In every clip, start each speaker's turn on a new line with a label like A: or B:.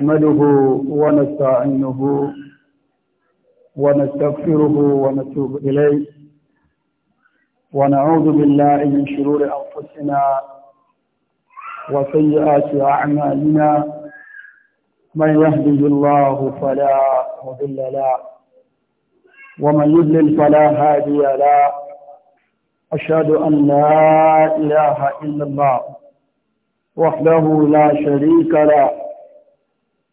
A: نحمده ونستعينه ونستغفره ونتوب إليه ونعوذ بالله من شرور أنفسنا وسيئات أعمالنا من يهده الله فلا مضل له ومن يضلل فلا هادي له أشهد أن لا إله إلا الله وحده لا شريك له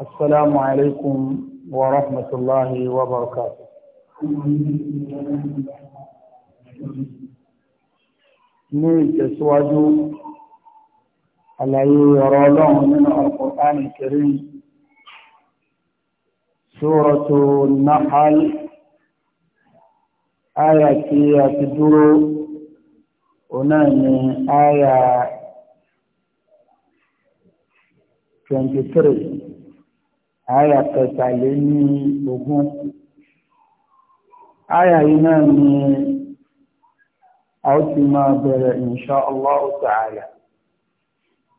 A: السلام عليكم ورحمة الله وبركاته ní ìtẹ̀síwájú àlàyé ọ̀rọ̀ ọlọ́run nínú Al-Qur'an Al-Karim Suratu Nahl áyà tí a ti dúró ọ̀nà ni áyà 23 àyà kẹtàléní ogún àyà yìí náà ni a ó ti máa bẹ̀rẹ̀ insha Allah ta'ala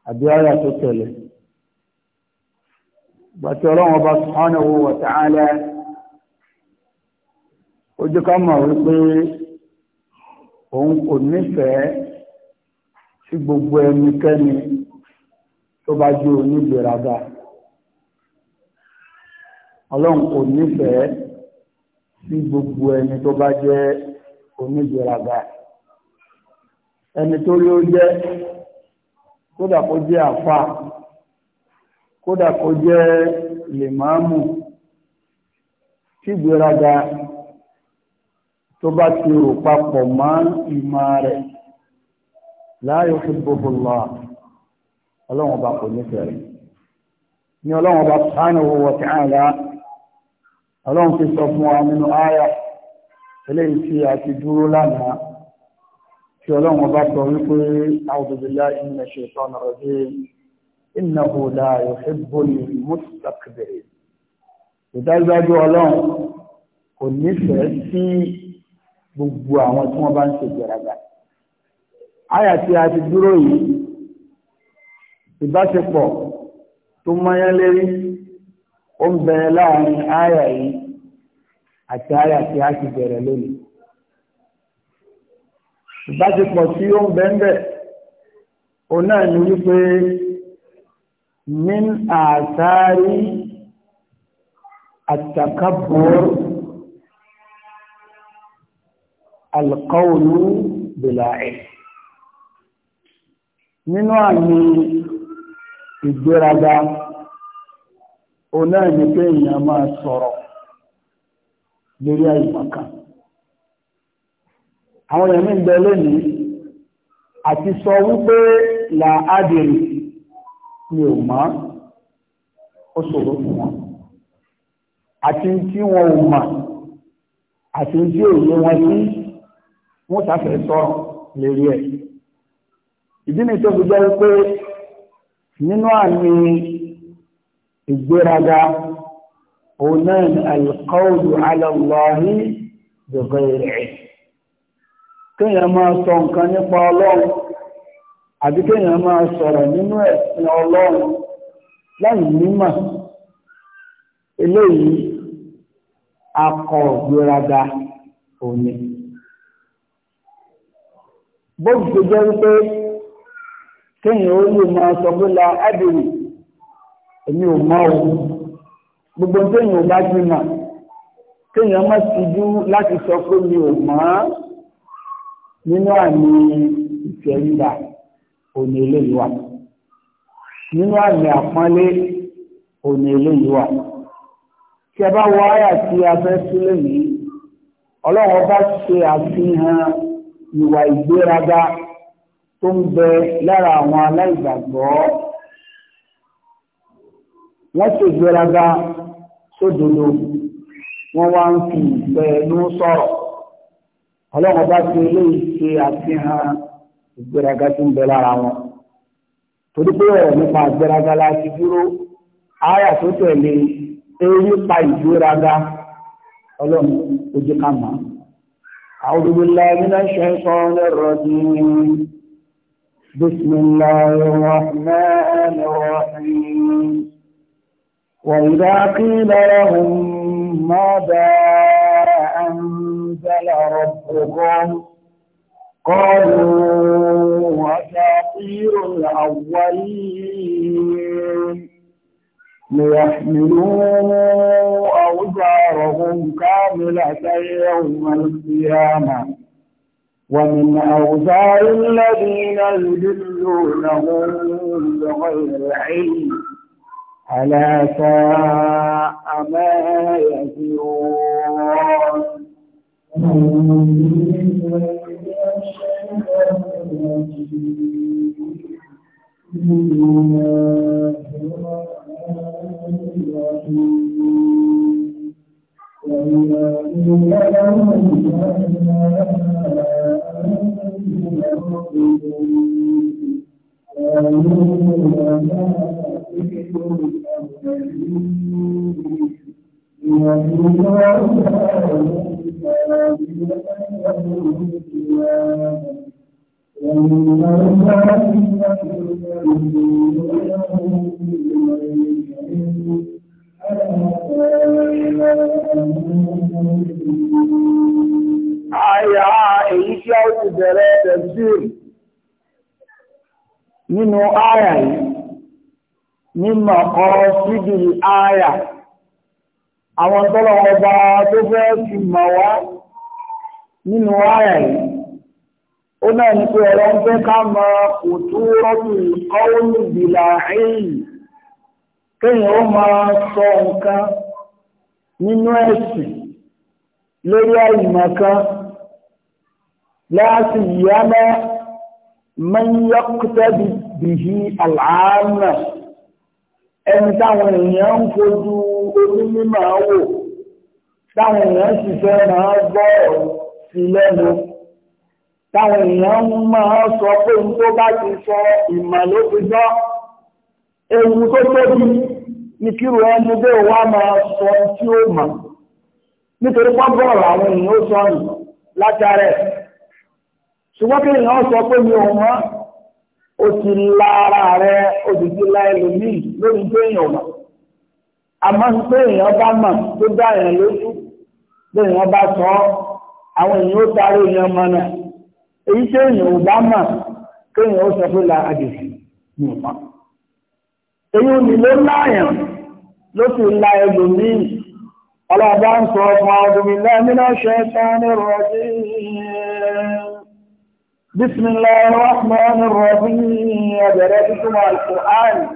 A: àbí àyà tó tẹ̀lé bàtí ọlọ́run ọba subhanahu wa ta'ala ó jẹ́ ká mọ̀ wípé òun kò nífẹ̀ẹ́ sí gbogbo ẹnikẹ́ni tó bá jẹ́ onígbèraga ọlọ́run kò nífẹ̀ẹ́ sí gbogbo ẹni tó bá jẹ́ onígbéraga ẹni tó rí ó jẹ́ kódà kó jẹ́ àfa kódà kó jẹ́ lèmáàmù tí ìgbéraga tó bá ti rò papọ̀ mọ́ ìmọ̀ rẹ̀ la yuhibbuhu Allah ọlọ́run ọba kò nífẹ̀ẹ́ rẹ̀ ni ọlọ́run ọba subhanahu wa ta'ala ọlọ́run ti sọ fún wa nínú àyà eléyìí tí a ti dúró lánàá tí ọlọ́run ọba sọ wípé a'udhu billahi minash shaitanir rajim innahu la yuhibbul mustakbirin ìdájọ́ ọlọ́run kò nífẹ̀ẹ́ sí gbogbo àwọn tí wọ́n bá ń ṣe ìgbéraga àyà tí a ti dúró yìí ìbáṣepọ̀ tó mọ́yán ó ń bẹ láàrin àyà yìí àti àyà tí a ti bẹ̀rẹ̀ lónìí. ìbáṣepọ̀ tí ó ń bẹ́ńbẹ́ òun náà ni wípé min àtàrí àtàkàbọ̀ọ́ alqawlu bila nínú àmì ìgbéraga. o náà ní pé èèyàn máa sọ̀rọ̀ lórí àìmọ̀kan àwọn èèyàn ń bẹ sọ wípé là ádìrì ni ò mọ́ ó ṣòro fún wọn àti tí wọn ò mọ̀ àti tí òye wọn sí wọ́n sáfẹ́ sọ̀rọ̀ lérí ẹ̀ ni tó fi jẹ́ wípé nínú ìgbéraga òun náà ni alqawlu ala Allahi bi ghayri máa sọ nǹkan nípa ọlọ́run àbí kéèyàn máa sọ̀rọ̀ nínú ẹ̀sìn ọlọ́run láì nímọ̀ eléyìí akọ ìgbéraga òní. bó jẹ́ wípé ó lè máa sọ èmi ò mọ̀ o gbogbo téèyàn ò bá ti mọ̀ téèyàn má ti dú láti sọ pé mi ò mọ̀ nínú àmì ìfẹ̀ríba òní eléyìí wà nínú àmì àpọ́nlé òní eléyìí wà tí a bá wọ àyà tí a fẹ́ sílẹ̀ yìí ọlọ́run bá ṣe àfihàn ìwà ìgbéraga tó ń bẹ lára àwọn aláìgbàgbọ́ wọ́n sì gbéraga sódodo wọ́n wá ń fi ìfẹ́ inú sọ̀rọ̀ ọlọ́run bá ti eléyìí ṣe àfihàn ìgbéraga tí ń bẹ lára wọn torí pé ọ̀rọ̀ nípa ìgbéraga la ti dúró àyà tó tẹ̀lé eré pa ìgbéraga ọlọ́run ó jẹ́ ká mọ̀ أعوذ بالله من الشيطان الرجيم بسم الله الرحمن الرحيم وإذا قيل لهم ماذا أنزل ربكم
B: قالوا
A: أساطير الأولين ليحملوا أوزارهم كاملة يوم القيامة ومن أوزار الذين يدلونهم بغير علم ألا ساء ما يزرون
B: Thank you. Àyà èyí
A: tí a ó ti bẹ̀rẹ̀ tẹ̀síìrì nínú àyà yìí mímọ̀ kọ́ síbi ààyà àwọn tọ́lọ̀wọ̀ bá tó fẹ́ fi mọ̀ wá nínú ààyà yìí ó náà ní pé ọ̀rọ̀ ń fẹ́ ká mọ òtú rọ́bì kọ́wọ́lù bìlà èyí kéèyàn ó máa sọ nǹkan nínú ẹ̀sìn lórí àìmọ̀ kan láti yàmẹ́ mẹ́yọ́kútẹ́bì bìhí àlàámẹ̀ ẹni táwọn èèyàn ń fojú onímí máa wò táwọn èèyàn sì fẹ́ máa gbọ́ sí lẹ́nu táwọn èèyàn máa sọ pé n tó bá ti sọ ìmọ̀ ló ti sọ ewu tó tóbi ní kíru ẹni bẹ́ wá máa sọ tí ó mọ̀ nítorí pọ́bọ̀rọ̀ àwọn èèyàn ó sọ nù látàrẹ̀ ṣùgbọ́n kí èèyàn sọ pé mi ò mọ̀ ó ti lara rẹ ó sì la ẹlòmíì lórí tó èèyàn mọ̀ àmọ́ tó èèyàn bá mọ̀ tó dá èèyàn lójú tó èèyàn bá sọ àwọn èèyàn ó tarí èèyàn mọ̀ náà èyí tó èèyàn ò bá mọ̀ kéèyàn ó sọ la èyí ò ní بسم الله الرحمن الرحيم يدرسكم القرآن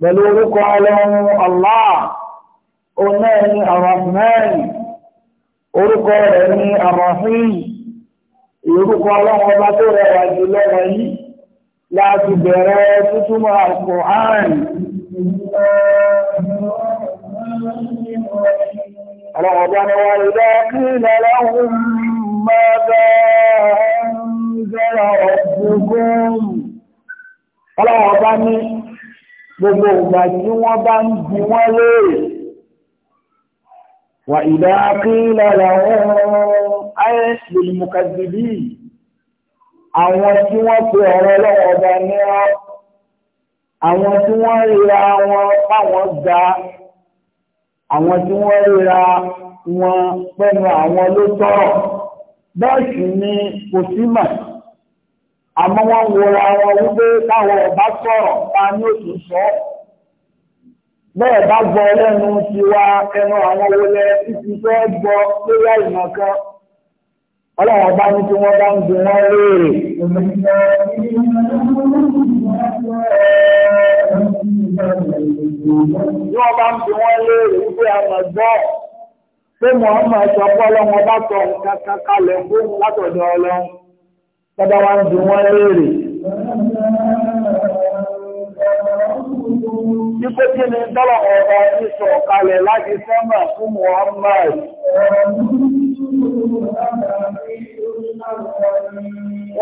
A: بلوغك علم الله أناني الرحمن orúkọ rẹ̀ ní àmọ̀fíì orúkọ ọlọ́run ọba tó rẹwà jù lọ́wọ́ yìí láti bẹ̀rẹ̀ tútúmọ̀ Al-Qur'an ọlọ́run ọba ni wọ́n rí lọ́kí lọ́lọ́run mọ́gbẹ́ anzala rabbukum ọlọ́wọ́ bá ní gbogbo ìgbà tí wọ́n bá ń bi wọ́n léèrè wà ìdá qila lahum ayé lil mukazzibin àwọn tí wọ́n pe ọ̀rọ̀ ọlọ́wọ́ bá ní àwọn tí wọ́n ríra wọn fáwọn ga àwọn tí wọ́n ríra wọn pẹ́nu àwọn ló tọ́ ni kò sí àmọ́ wọ́n wọra wọn wípé táwọn ọba sọ̀rọ̀ ta ní òtún sọ bẹ́ẹ̀ bá gbọ́ lẹ́nu tiwa ẹnu àwọn wọlé títí fẹ́ gbọ́ lórí àìmọ̀ kan ọlọ́run ọba ní tí wọ́n bá ń gbin wọ́n léèrè. bí wọ́n bá ń gbin wọ́n
B: léèrè
A: wípé àmọ̀ gbọ́ pé Muhammad sọ pé ọlọ́run ọba sọ nǹkan kan kalẹ̀ látọ̀dọ̀ ọlọ́run tọ́ba wa ń dùn wọ́n léèrè. Nígbó tí ni dọ́lọ̀ ọ̀rọ̀ ní sọ̀kalẹ̀ láti sọ́mà fún Muhammad.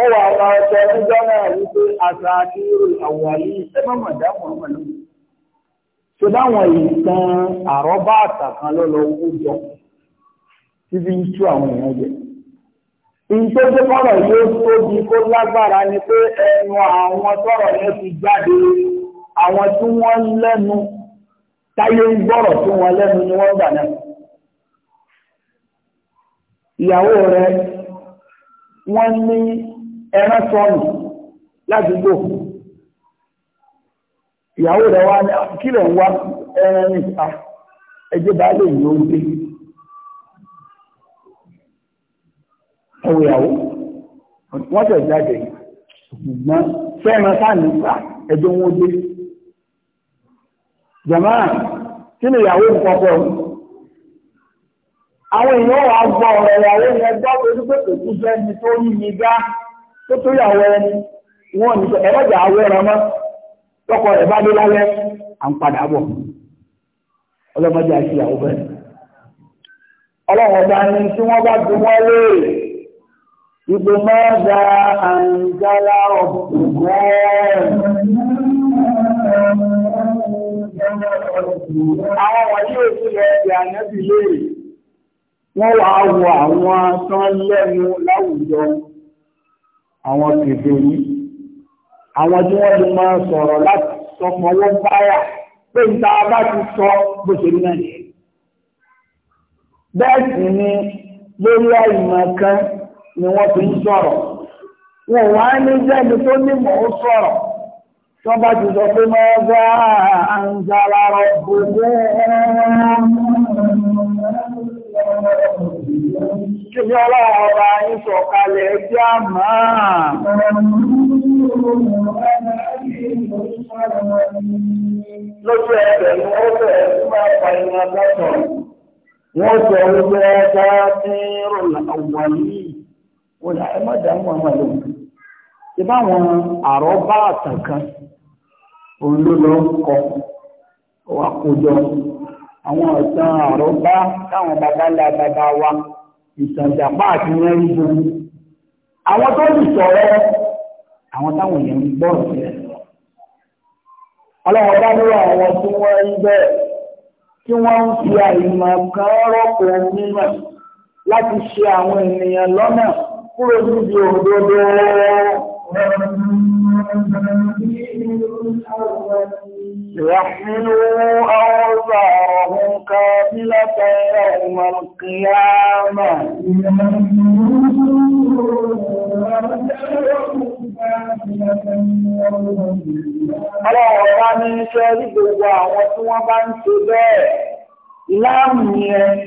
A: Ó wà máa sọ ní Jọ́nà wípé àṣà àti àwàlí ẹgbẹ́ mọ̀dá Muhammad ló. Ṣé dáwọn ìtàn àrọ́bá àtàkan lọ́lọ́ owó jọ? Títí ń tú àwọn èèyàn ìjọba kọ́rọ̀ yóò tóbi kó lágbára ni pé ẹnu àwọn tọ́rọ̀ yẹn ti jáde àwọn tí wọ́n lẹ́nu táyé ń gbọ́rọ̀ tí wọ́n lẹ́nu ni wọ́n gbà náà. ìyàwó rẹ wọ́n ní ẹran sọnù ládùúgbò ìyàwó rẹ wá ah, kílẹ̀ ń wá ẹran níta ah, ẹjẹ́ bá lè yọ oúnjẹ. ẹwọ wọ́n tẹ̀ jáde ṣùgbọ́n fẹ́ẹ̀mọ́ sáàmì pa ẹjọ́ wọn dé kí ni ìyàwó àwọn èèyàn wà gbọ́ ọ̀rọ̀ ìyàwó pé kò tó yí mi gá tó tó sọ ẹ̀rọ mọ́ tọkọ rẹ̀ bá dé lálẹ́ à ń padà bọ̀ ọlọ́mọdé àti ìyàwó bẹ́ẹ̀ Ìgbè mọ́dá àǹjálá ọ̀pùpùpù Àwọn wọ̀nyí òṣìlẹ̀ ẹ̀dẹ̀ ànẹ́bì léèrè, wọ́n wà wọ àwọn tán lẹ́nu láwùjọ àwọn kèfè yìí. Àwọn tí wọ́n lè máa sọ̀rọ̀ láti sọpọ̀wọ́ báyà pé ìta bá ti sọ gbèsè náà. Bẹ́ẹ̀ sì ni lórí àìmọ̀ kan ni wọ́n fi ń sọ̀rọ̀ wọn wá ní jẹ́ni tó nímọ̀ ó sọ̀rọ̀ tí bá ti sọ pé máa gbá àǹzàrà rọ̀ gbogbo
B: Kíbi ọlọ́wọ́ ọba yín sọ̀kalẹ̀ ẹjẹ́ àmà.
A: Lójú ẹ̀bẹ̀ ni ó bẹ̀rẹ̀ sí máa pa ìrìn àgbàtọ̀. Wọ́n sọ wípé ẹgbẹ́ tí rò làwọn yìí. wọn là ẹ má dá Muhammad lóhùn ṣe báwọn àrọ bá àtàn kan òun ló lọ kọ wà kójọ àwọn ọ̀sán àrọ bá táwọn babalá bàbá wa ìtànjàpá àti wọn ń bomi àwọn tó ń sọ̀rọ̀ àwọn táwọn èèyàn ń gbọ́ sílẹ̀ ọlọ́wọ́ bá nílò àwọn tí wọ́n ń bẹ́ tí wọ́n ń fi kan rọ́pò láti ṣe àwọn ènìyàn lọ́nà kúrò níbi òdodo. ليحملوا أوزارهم كاملة يوم القيامة Ọlọ́run bá ní iṣẹ́ rí gbogbo àwọn tí wọ́n bá ń ṣe bẹ́ẹ̀ láàmù yẹn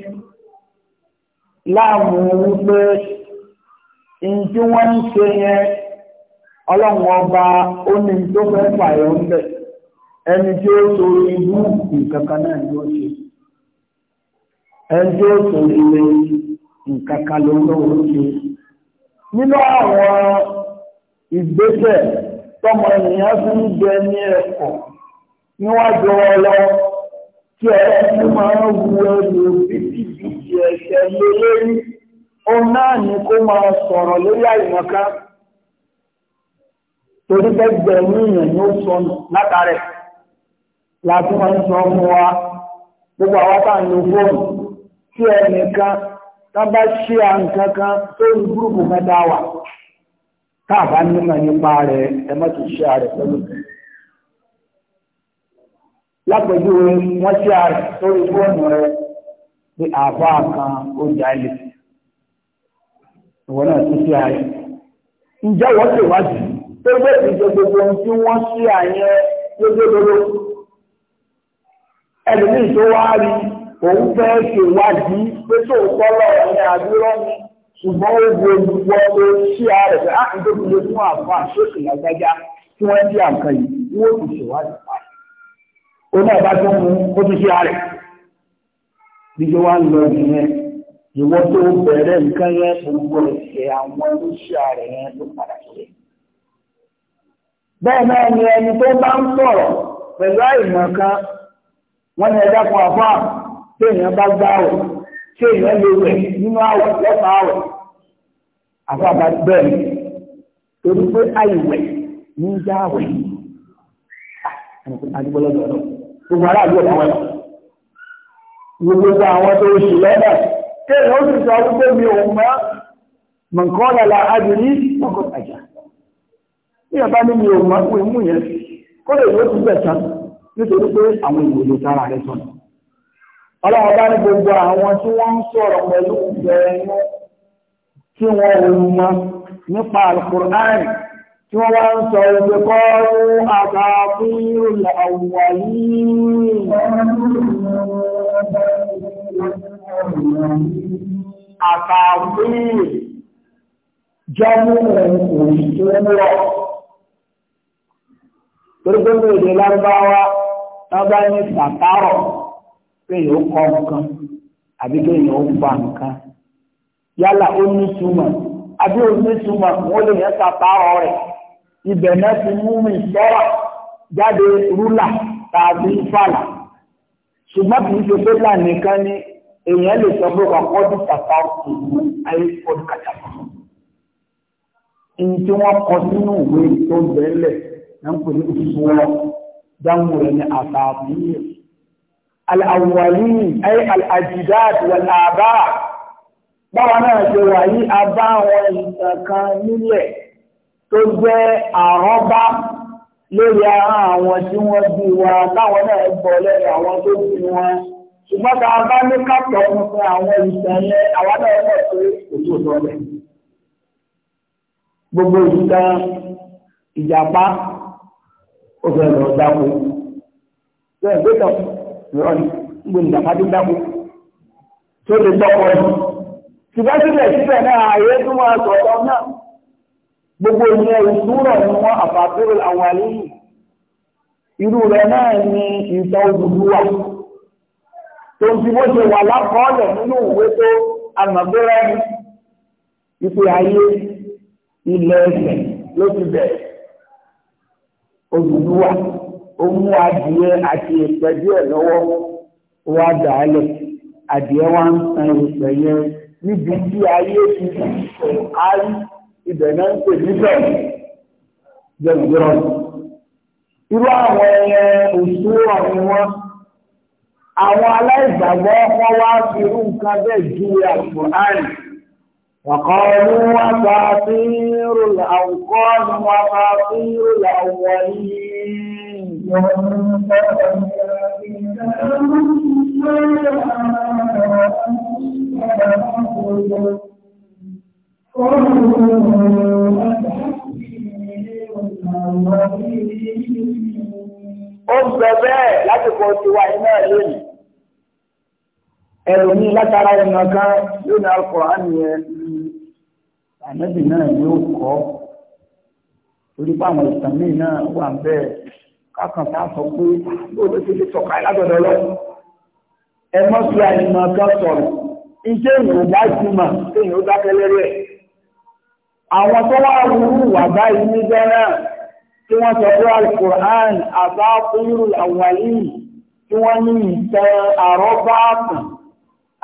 A: láàmù wípé in tí wọ́n ń ṣe yẹn ọlọ́run ọba ó ní tó fẹ́ fàyọ̀ ń bẹ̀ ẹni tí ó so ibú nǹkan kan náà ló ṣe ẹni tí ó so ilé nǹkan kan ló ló ṣe nínú àwọn ìgbésẹ̀ tọmọ ènìyàn fi ń jẹ ní ẹ̀kọ́ níwájú ọlọ tí ẹ ti máa ń wu ẹrù bíbí bíbí ẹ̀ṣẹ̀ lé ó náà ní kó máa sọ̀rọ̀ lórí àìmọ̀ká torí gbẹgbẹ̀rún ni ó sọ látàrẹ̀ láti wọ́n sọ fún wa gbogbo àwátà ní fóònù tí ẹnìkan tá bá à ń kankan tó ń gúrùpù mẹ́ta wà káàbá nímọ̀ nípa rẹ̀ ẹ má ti ṣe pẹ̀lú lápẹjú wọn sórí fóònù rẹ̀ ìwọ náà tún sí ààyè ǹjẹ́ wọ́n ti wájú tó gbé ìjọ gbogbo ohun tí wọ́n sí ààyè lójódodo ẹlòmíì tó wá rí òun fẹ́ ṣèwádìí pé tóòtọ́ lọ́wọ́ ní àdúrọ́ ni ṣùgbọ́n ó wo gbogbo ọ̀rọ̀ sí ààrẹ pé á ah, ń tóbi lé fún àfa àṣókè lágbájá tí wọ́n ti àǹkan yìí wọ́n ti ṣèwádìí pa ó náà bá tún mú ó tún sí ààrẹ bí ṣe wá ń lọ nìyẹn ìwọ́n tó bẹ̀rẹ̀ nǹkan yẹn gbogbo ẹ̀ṣẹ̀ àwọn oníṣẹ́ rẹ̀ yẹn ló padà ṣe. bẹ́ẹ̀ náà ni ẹni tó bá ń sọ̀rọ̀ pẹ̀lú àìmọ̀ kan wọ́n ní ẹja kan àfọ́ tí èèyàn bá gbá ọ̀ tí èèyàn lè wẹ̀ nínú àwọ̀ lẹ́fà àwọ̀ àfọ́ bá bẹ́ẹ̀ torí pé àìwẹ̀ ní í já àwẹ̀ yìí àdúgbò gbogbo kéèyàn ó sì sọ wípé mi ò mọ́ mọ̀kànlá la adìrí mọ́kọ̀ àjà ní ọba ní mi ò mọ́ pé mú yẹn kó lè yóò tún bẹ̀tán nítorí pé àwọn ìwòye tara rẹ̀ sọ̀nà ọlọ́run bá ní gbogbo àwọn tí wọ́n ń sọ̀rọ̀ pẹ̀lú ìbẹ̀rẹ̀nú tí wọ́n ò mọ̀ nípa alukur'an tí wọ́n wá ń sọ ìgbé kọ́ọ̀rù àtàkùn ìrìnlẹ̀ àtàwíì jẹ́mú òṣìṣẹ́ Torípépé èdè lárúbáwá lọ́gbà ní sàtárọ̀ pé yóò kọ́ nǹkan àbí pé yóò gba nǹkan. Yálà ó ní túmọ̀ àbí ó ní túmọ̀ wọ́n lè yẹn sàtárọ̀ rẹ̀. Ibẹ̀ náà ti mú mi sọ́rọ̀ jáde rúlà tàbí fàlà. Ṣùgbọ́n kì í ṣe pépà nìkan ni èèyàn lè sọ pé wà kọ́ dùn kàtà kù ayé kọ́ dùn kàtà kù. Ìyí tí wọ́n kọ sínú ìwé tó ń bẹ̀ẹ́lẹ̀ náà ń pè ní òṣùṣù wọn dáhùn rẹ̀ ní àtàbí. Al-awwalin ayé al-ajdad Báwa náà ṣe wà yí abá àwọn ìtàn nílẹ̀ tó jẹ́ àrọ́bá lórí ara àwọn tí wọ́n bí wa táwọn náà gbọ́ lẹ́yìn àwọn tó bí wọn ṣùgbọ́n tá a bá ní kápọ̀ fún àwọn ìṣẹ̀lẹ̀ àwọn náà pọ̀ sí òtún ìtọ́lẹ̀. Gbogbo ìtàn ìjàpá ó fẹ́ lọ dáko. Bẹ́ẹ̀ gbẹ́tọ̀ lọ́rọ̀ ní gbogbo ìjàpá tó dáko tó lè tọ́kọ ẹ̀. Ṣùgbọ́n síbẹ̀síbẹ̀ náà ààyè tó máa sọ̀tọ̀ náà. Gbogbo ìyẹn ìṣúrọ̀ ni wọ́n àfàtúrò àwọn àlejò. Irú rẹ̀ náà ni ìtàn òdùdú wà tó ń fi bó ṣe wà lákọọ́lẹ̀ nínú ìwé tó àmọ̀gbẹ́rẹ́ ni ìpè ayé ilẹ̀ ẹ̀sẹ̀ ló ti bẹ̀rẹ̀ Odùduwà ó adìẹ àti ìpẹ́ lọ́wọ́ wá dàálẹ̀ adìẹ wa ń tan ìpẹ́ yẹn níbi tí ayé ti sọ árí ibẹ̀ náà ń pè níbẹ̀ jẹ́ ìgbéró irú àwọn ẹyẹ òṣùwọ̀n ni wọ́n àwọn aláìgbàgbọ́ wọ́n wá fi irú nǹkan bẹ́ẹ̀ ju àkùnrin wàkọ́ọ̀lù wá bá sí rúlà àwùkọ́ ni wá bá sí rúlà wọ̀nyí. Ó ń bẹ bẹ́ẹ̀ láti kọ́ tiwa iná lónìí. ẹlòmí látara ẹ̀nà kan yóò ní Al-Qur'an yẹn ànábì náà yóò kọ́ torí pé àwọn ìtàn míì náà wà ń bẹ́ẹ̀ kákan tá a sọ pé ah, bó ló ti fi sọ̀ka látọ̀dọ̀ lọ ẹ mọ́ sí àìmọ̀ kan sọ̀rọ̀ iṣẹ́ ti mà dákẹ́ lẹ́rẹ́ àwọn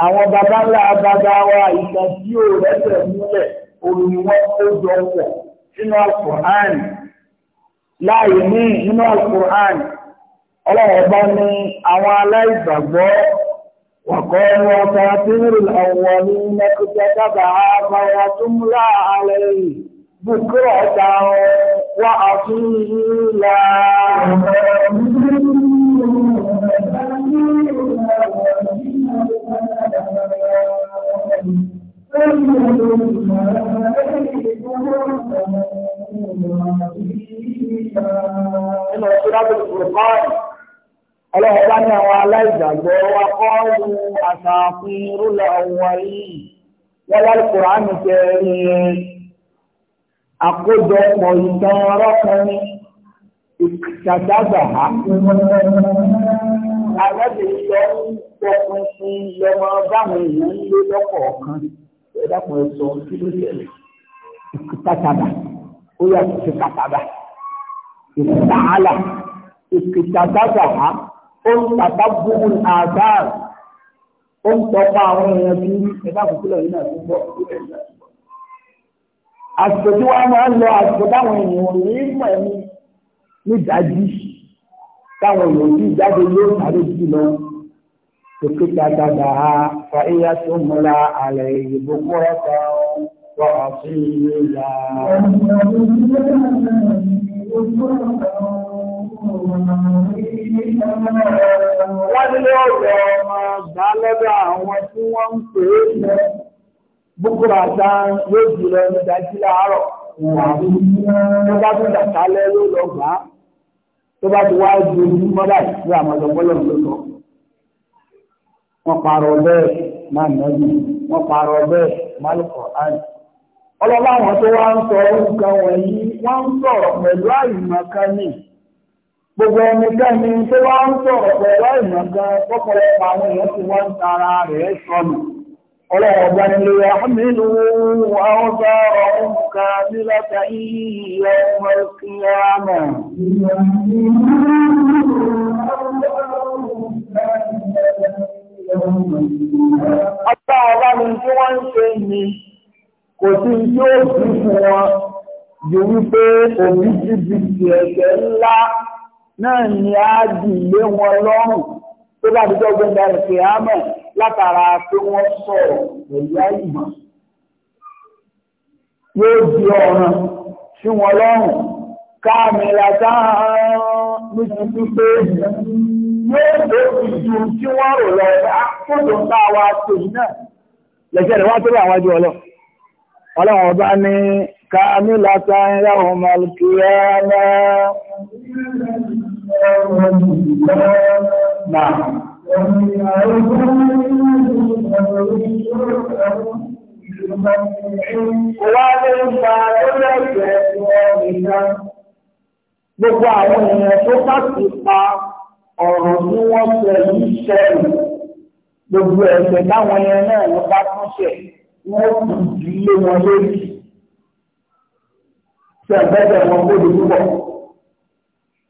A: àwọn baba ńlá baba wa ìtàn tí ó rẹ́sẹ̀ múlẹ̀ omi wọn ó jọ pọ̀ sínú alukur'an láàyè ní inú alukur'an ọlọ́run ọba ní àwọn aláìgbàgbọ́ wàkọ́ ní ọta tìrì ní mẹ́kúta tó ń lá bùkúrọ̀ wọn àtúnyìí
B: Nínú ìṣúrábìlì
A: Fùrùkọ́ọ̀nì,
B: ọlọ́run bá ní àwọn aláìgbàgbọ́
A: wa kọ́ọ̀lù àṣàfin rúlẹ̀ ọ̀wọ̀ yìí. Wọ́n wá Kùránì jẹ́ rí àkójọpọ̀ ìtàn ọlọ́kùnrin ìṣàdágbà á. Àlọ́bìnrin lọ ń pọkùn sí lọ́mọ báwọn èèyàn ń lé lọ́kọ̀ọ̀kan ẹ̀dàkùn ẹ̀sọ́ kí ló ṣẹlẹ̀ ìkìtàtàbà ó yàtọ̀ sí kàtàbà ìkìtàhálà ìkìtàtàbà á ó ń tàbá gbogbo àdáàrù ó ń tọpa àwọn èèyàn bí ẹ̀dàkùn kílọ̀ yìí náà ti bọ̀ àsìkò tí wọ́n máa ń lọ àsìkò táwọn èèyàn ní mọ̀ ẹ̀mí nídàájí táwọn èèyàn ti jáde ló tàbí jù lọ. سكت لها فهي تملى عليه بكرة وأصيلا wọ́n ní ọ̀rọ̀ ọmọ ìdálẹ́bẹ̀ àwọn tí wọ́n ń pè é lẹ́ búkúrò àtà yóò jùlọ ní dájí láàárọ̀ tó bá tún dàtà lẹ́ ló lọ gbà á tó bá ti wá ju ojúmọ́ báyìí sí àmọ́jọ́ bọ́lọ̀ ló lọ wọ́n parọ́ bẹ́ẹ̀ máa nẹ́bí wọ́n parọ́ bẹ́ẹ̀ málùkọ̀ áì ọlọ́lá àwọn tó wá ń sọ nǹkan wọ̀nyí wọ́n ń sọ̀rọ̀ pẹ̀lú àìmọ̀kánì gbogbo ẹnikẹ́ni tó wá ń sọ̀rọ̀ pẹ̀lú àìmọ̀kán pọ́pọ̀lọpọ̀ àwọn èèyàn tí wọ́n ń tara rẹ̀ sọnù ọlọ́wọ́ bá nílé àmìlú àwọn sọ̀rọ̀ nǹkan nílọ́ta iye ọmọ Ọba ọba ni tí wọ́n ń ṣe ni kò sí yóò sí fún wọn ju wípé òbí jìbìtì ẹ̀ṣẹ̀ ńlá náà ni a dì lé wọn lọ́rùn tó bá ti dọ́gbọ́n darí pé ámọ̀ látara pé wọ́n sọ̀rọ̀ pẹ̀lú àyùmọ̀. Yóò di ọ̀ràn sí wọn lọ́rùn káàmì làtàn ní ti pípé yóò lóògùn ju tí wọ́n rò lọ fóònù bá wa tòun náà lẹ́sẹ̀ rẹ̀ wá tó bá àwọn ajú ọlọ́ ọlọ́run ọba ní kámílà táyà ọmọ alùpùpù náà. Kò Gbogbo àwọn èèyàn tó bá ti pa ọ̀rọ̀ tí wọ́n sọ yìí ṣẹ̀rù gbogbo ẹ̀ṣẹ̀ táwọn yẹn náà ló bá tún ṣẹ̀ wọ́n kù sí lé wọn lórí ṣẹ̀gbẹ́sẹ̀ wọn kó lè túbọ̀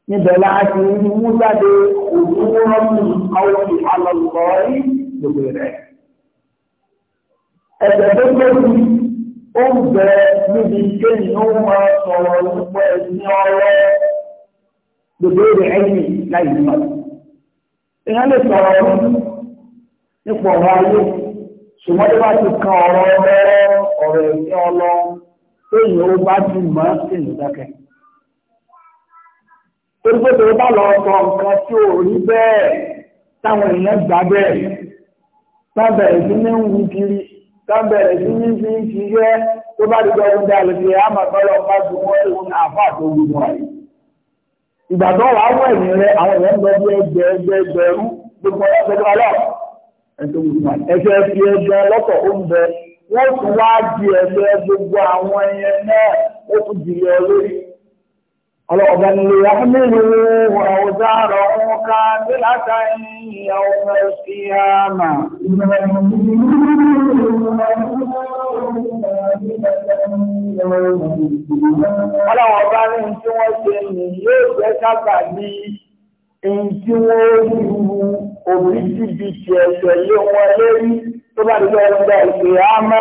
A: níbẹ̀ láti rí mú jáde òdúró rọ́mù àwọn ìhàlọ́lọ́ rí gbogbo rẹ̀ ẹ̀ṣẹ̀ tó tóbi ó ń bẹ níbi kéèyàn ó máa sọ̀rọ̀ nípa ẹ̀sìn ọ̀rọ̀ gbogbo èrè ẹ̀yìn láì ní wọn. èèyàn lè sọ̀rọ̀ ọ̀rọ̀ nípa ọ̀rọ̀ ayé ṣùgbọ́n tó bá ti kan ọ̀rọ̀ ọ̀rọ̀ ọ̀rọ̀ ẹ̀sìn ọlọ téèyàn ó bá ti mọ̀ téèyàn dákẹ́. torí pé tòun bá lọ sọ nǹkan tí ò rí bẹ́ẹ̀ táwọn èèyàn gbà bẹ́ẹ̀ táwọn bẹ̀rẹ̀ sí ní wù kiri táwọn bẹ̀rẹ̀ sí ní fi ń ṣiṣẹ́ tó bá dìgbà ọdún dáa lè fi àmọ̀ bọ́lọ̀ bá dùn wọ́n lòun àfáà tó gbogbo àyè ìgbàgbọ́ wàá wọ ẹ̀yìn rẹ àwọn èèyàn ń lọ bí ẹgbẹ ẹgbẹ ẹgbẹrún gbogbo ẹgbẹ ọlọ ẹgbẹ fi ẹgbẹ lọ́tọ̀ oúnjẹ wọ́n tún wá di ẹgbẹ gbogbo àwọn ẹyẹ náà ó tún di ilẹ̀ lórí. ọlọ́ọ̀bẹ nílé ahmed wọ ọ̀dà rọ̀ wọn ká dé látàrí ọmọ ẹ̀sìn Ọlọ́wọ́ bá ní tí wọ́n ṣe ní yóò jẹ́ sábà ní èyí tí wọ́n rú òbí síbi ti ẹ̀ṣẹ̀ lé wọn lérí tó bá dé lọ́wọ́ gba ìpè ámà.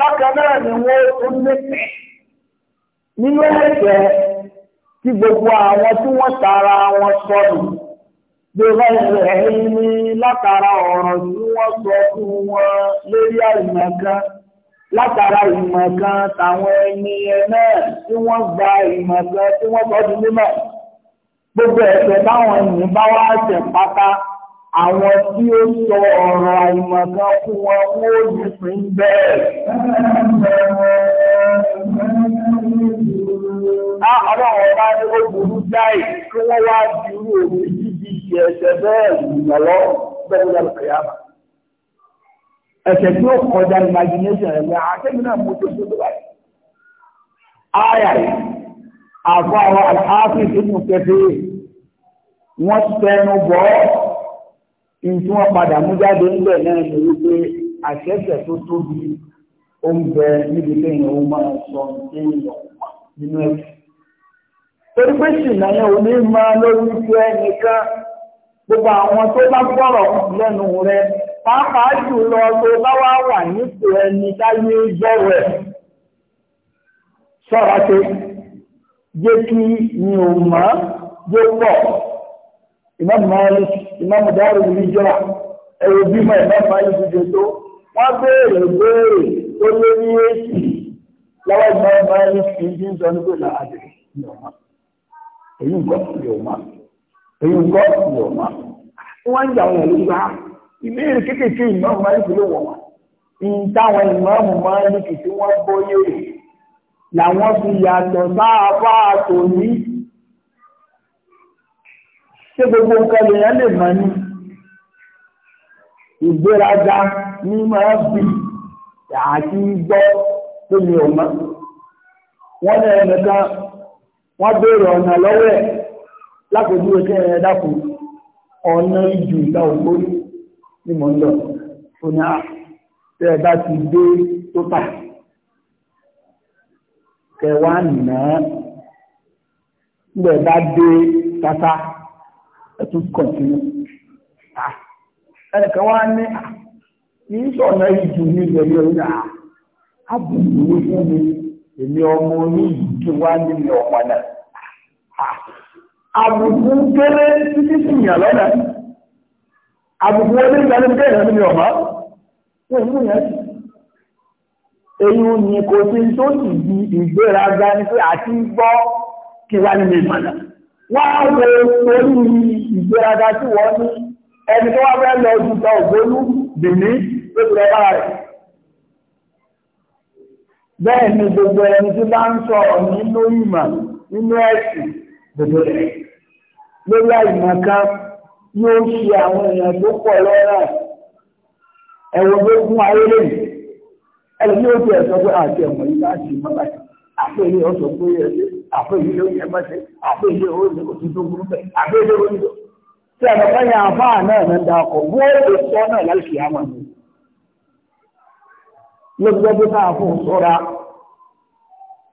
A: Bákan náà ni wọ́n tún nípìn nínú ẹ̀ṣẹ̀ tí gbogbo àwọn tí wọ́n tara wọn sọnù. بغير علم látara ọ̀rọ̀ tí wọ́n sọ fún wọn lórí àìmọ̀kan látara ìmọ̀kan tàwọn ẹni ẹ̀nà tí wọ́n gba ìmọ̀kan tí wọ́n sọ di mímọ̀ gbogbo ẹ̀ṣẹ̀ táwọn ènìyàn bá wá ṣẹ̀ pátá àwọn tí ó sọ ọ̀rọ̀ àìmọ̀kan fún wọn kó nípìn bẹ́ẹ̀. Ah, Ọlọ́run bá ní ó burú jáì kí wọ́n wá dirú òbí fi ẹsẹ̀ bẹ́ẹ̀ lọ́lọ́ bẹ́ẹ̀ lọ́lọ́ kẹyàmà ẹsẹ̀ tí ó kọjá imagination rẹ̀ gbé akẹ́kọ̀ọ́ ah, náà mú tó tó tó báyìí. Aya yìí, àfọ àwọn àlàáfíì tó mú kẹfẹ́ wọ́n tẹnu bọ́ ìtú wọn padà mú jáde ńbẹ̀ náà ní wípé àṣẹ̀ṣẹ̀ tó tóbi ó ń bẹ níbi lẹ́yìn òun máa sọ nínú ẹ̀sìn. Torí pé ṣìnà yẹn ò ní máa lórí pé ẹnìkan gbogbo àwọn tó bá gbọ́rọ̀ lẹ́nu rẹ pàápàá jùlọ tó bá wá wà nípò ẹni táyé gbọ́rọ̀ ẹ̀ ṣọ́ra ṣe jẹ́ kí mi ò mọ̀ jẹ́ pọ̀ Imam Malik Imam ẹ̀rọ bímọ Imam Malik tó wọ́n béèrè béèrè tó lé ní èsì lọ́wọ́ Imam Malik ti ń sọ nígbà àdìrí mi ò mọ̀ èyí nǹkan mi ò mọ̀ èyí ń kọ́ wọ̀ mọ́ wọ́n ń jà wọ́n ló gbà ìbéèrè kéékèèké ìmọ̀ọ́mù máa ń fi ló wọ̀ wọ́n ń táwọn ìmọ̀ọ́mù máa ń kì tí wọ́n bóyé rè làwọn fi yàtọ̀ sáàbà tó ní ṣé gbogbo nǹkan lèèyàn lè mọ̀ ní ìgbéraga ní máa bì àti gbọ́ tó ní ọmọ wọ́n ní ẹnìkan wọ́n béèrè ọ̀nà lọ́wọ́ ẹ̀. lápẹjú ẹjẹ́ ẹ̀dàkù ọ̀nà ìjù ìgbà ògbórí ní mọ́ndọ̀ ah, tó ní àtẹ́ẹ̀dá ti dé tó tà kẹwàá nìna gbẹ̀dá dé tata ẹ̀tún ah, kọ̀tínú wá ní ah, ìjù ní ìgbẹ̀lẹ̀ ní fún mi èmi ọmọ wá ọ̀pọ̀ náà àbùkù kéré títí sí ìyàn lọ́nà àbùkù wọlé ìgbàlẹ́gbẹ́ ìrìn àmì ọ̀má wọ́n mú yẹn sí èyí ni kò sí tó sì di ìgbéraga ní pé àti gbọ́ kí wá nínú ìmọ̀nà wọ́n á wo orí ìgbéraga tí wọ́n ní ẹni tó wá fẹ́ lọ ju ta ògbólú bìní tó ti lọ bára rẹ̀ bẹ́ẹ̀ ni gbogbo ẹni tí bá ń sọ̀rọ̀ nínú ìmọ̀ nínú ẹ̀sìn dodo rẹ̀. Lórí àìmọ̀ kan yóò ṣe àwọn èèyàn tó pọ̀ lọ́rà ẹ̀wọ̀n tó kún ayé lẹ́yìn. Ẹ̀rọ yóò fi ẹ̀sọ́ pé àti ẹ̀mọ̀ yìí láti ìmọ̀ bàtà. Àpé ilé ọ̀sọ̀ pé ẹ̀sẹ̀, àpé ilé oúnjẹ mẹ́sẹ̀, àpé ilé oúnjẹ kò tuntun burú bẹ́ẹ̀, àpé ilé oúnjẹ. Tí ẹ̀rọ fẹ́yìn àfáà náà ń da ọkọ̀, wọ́n lè sọ náà láì fi àwọn ẹ̀mọ̀. Lọ́gbẹ́gbẹ́ náà fún sọ́ra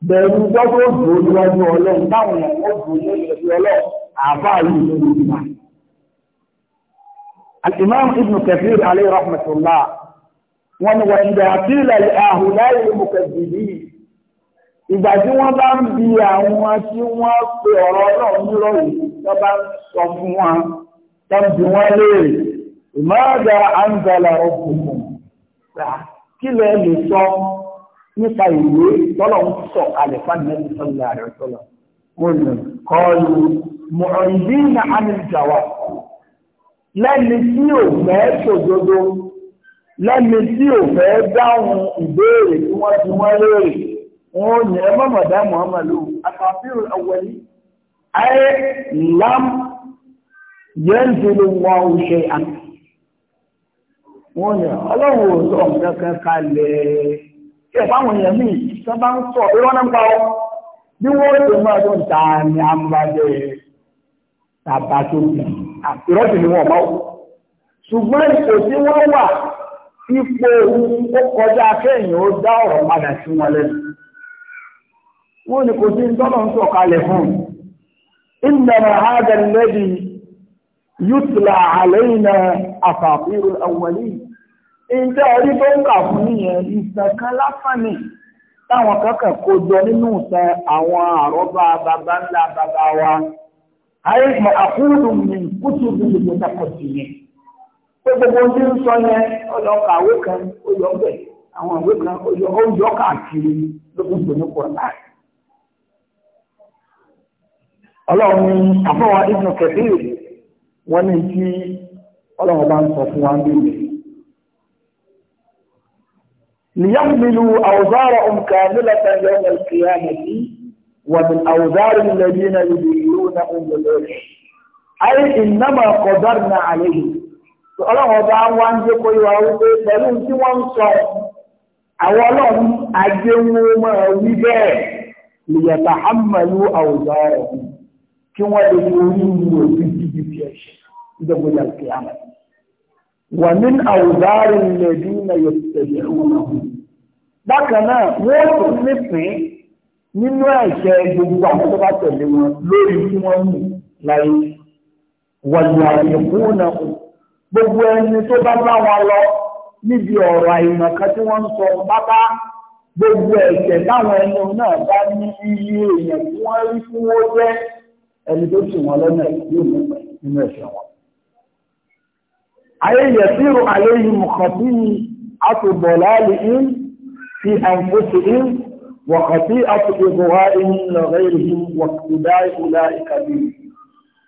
A: bẹ̀rù gbọ́dọ̀ bò níwájú ọlọ́run táwọn èèyàn wọ́n bò níwájú ọlọ́run àbá yìí ló ń gbà. الإمام ابن كثير عليه رحمة الله wọn wọ ìgbà àtìlẹ àhùláyé mùkàdìbí ìgbà tí wọ́n bá ń bi àwọn tí wọ́n pe ọ̀rọ̀ náà nírọ yìí tó bá ń sọ fún wọn tó ń bi wọn léèrè ìmọ̀ọ́dà àǹzàlà ọkùnrin kí lè lè sọ nípa ìwé tọ́lọ̀ ń sọ kalẹ̀ fánilẹ́sì sọ́lá rẹ̀ sọ́lá. Kọ́lù kọ́lù mọ̀rìndí na àmìjàwà. Lẹ́ni tí ò fẹ́ ṣòdodo, lẹ́ni tí ò fẹ́ dáhùn ìbéèrè tí wọ́n ti wọ́n léèrè, wọ́n yẹ mọ́mọ̀dá Mọ́mọ́lú, àtàfíìrù awẹ́lí. Ayé lám yẹ́nzìlú wọn ò ṣe àmì. Wọ́n yẹ ọlọ́run ò ẹ̀fáwọn èèyàn míì tó bá ń sọ irọ́ nípa ọ bí wọ́n ṣe máa tó ń ta ni a ń bá jẹ tàbá tó bì àtìrọ́ sì ni wọ́n bá wù. ṣùgbọ́n ipò tí wọ́n wà ipò ó kọjá kéèyàn ó dá ọ̀rọ̀ padà sí wọn lẹ́nu. wọ́n ní kò sí ń tọ́lọ̀ ń sọ̀kalẹ̀ fún un. ìnana hajj lẹ́bi àlẹ́yìn náà àfàfíìrù àwọn yìí. ìjẹ́ orí tó ń kà fún nìyẹn ìtàn kan lásán ni táwọn kó jọ nínú ìtàn àwọn àrọ́bá bàbá ńlá bàbá wa ayé mọ mi gbogbo ndị tí ń sọ yẹn àwé kan ó yọ àwọn àwé kan ó yọ lókun tó ní ọlọ́run ní àfọwọ́ ليحملوا أوزارهم كاملة يوم القيامة ومن أوزار الذين يدينونهم بالإرش أي إنما قدرنا عليه ọlọ́run ọba wa ń jẹ́ kó yíwa wípé pẹ̀lú tí wọ́n ń sọ àwọn ọlọ́run ajé wọn máa wí bẹ́ẹ̀ lèyàtà hàmàlú àwùjọ rẹ̀ kí wọ́n lè fi orí ìlú òbí jíjí fi ẹ̀ṣẹ̀ ìjọba ìlàkè àmà wà ní àwùjọ rẹ̀ lẹ́bí na yóò tẹ̀lé òun náà bákan náà wọ́n tó nípìn nínú ẹ̀ṣẹ̀ gbogbo àwọn tó bá tẹ̀lé wọn lórí tí wọ́n mú láyé wọ̀nyí àyẹ̀kún náà gbogbo ẹni tó bá bá wọn lọ níbi ọ̀rọ̀ àìmọ̀ kan tí wọ́n ń sọ bábá gbogbo ẹ̀ṣẹ̀ táwọn ẹni náà bá ní iye èèyàn tí wọ́n rí fún wọn jẹ́ ẹni tó sì wọn lọ́nà yóò mú nínú ẹ̀ṣẹ̀ wọn. ayé yẹ̀sírò ayé yìí mọ̀kàn sí àtòbọ̀láàlì ń في أنفسهم وخطيئة إغوائهم لغيرهم واقتداء أولئك بهم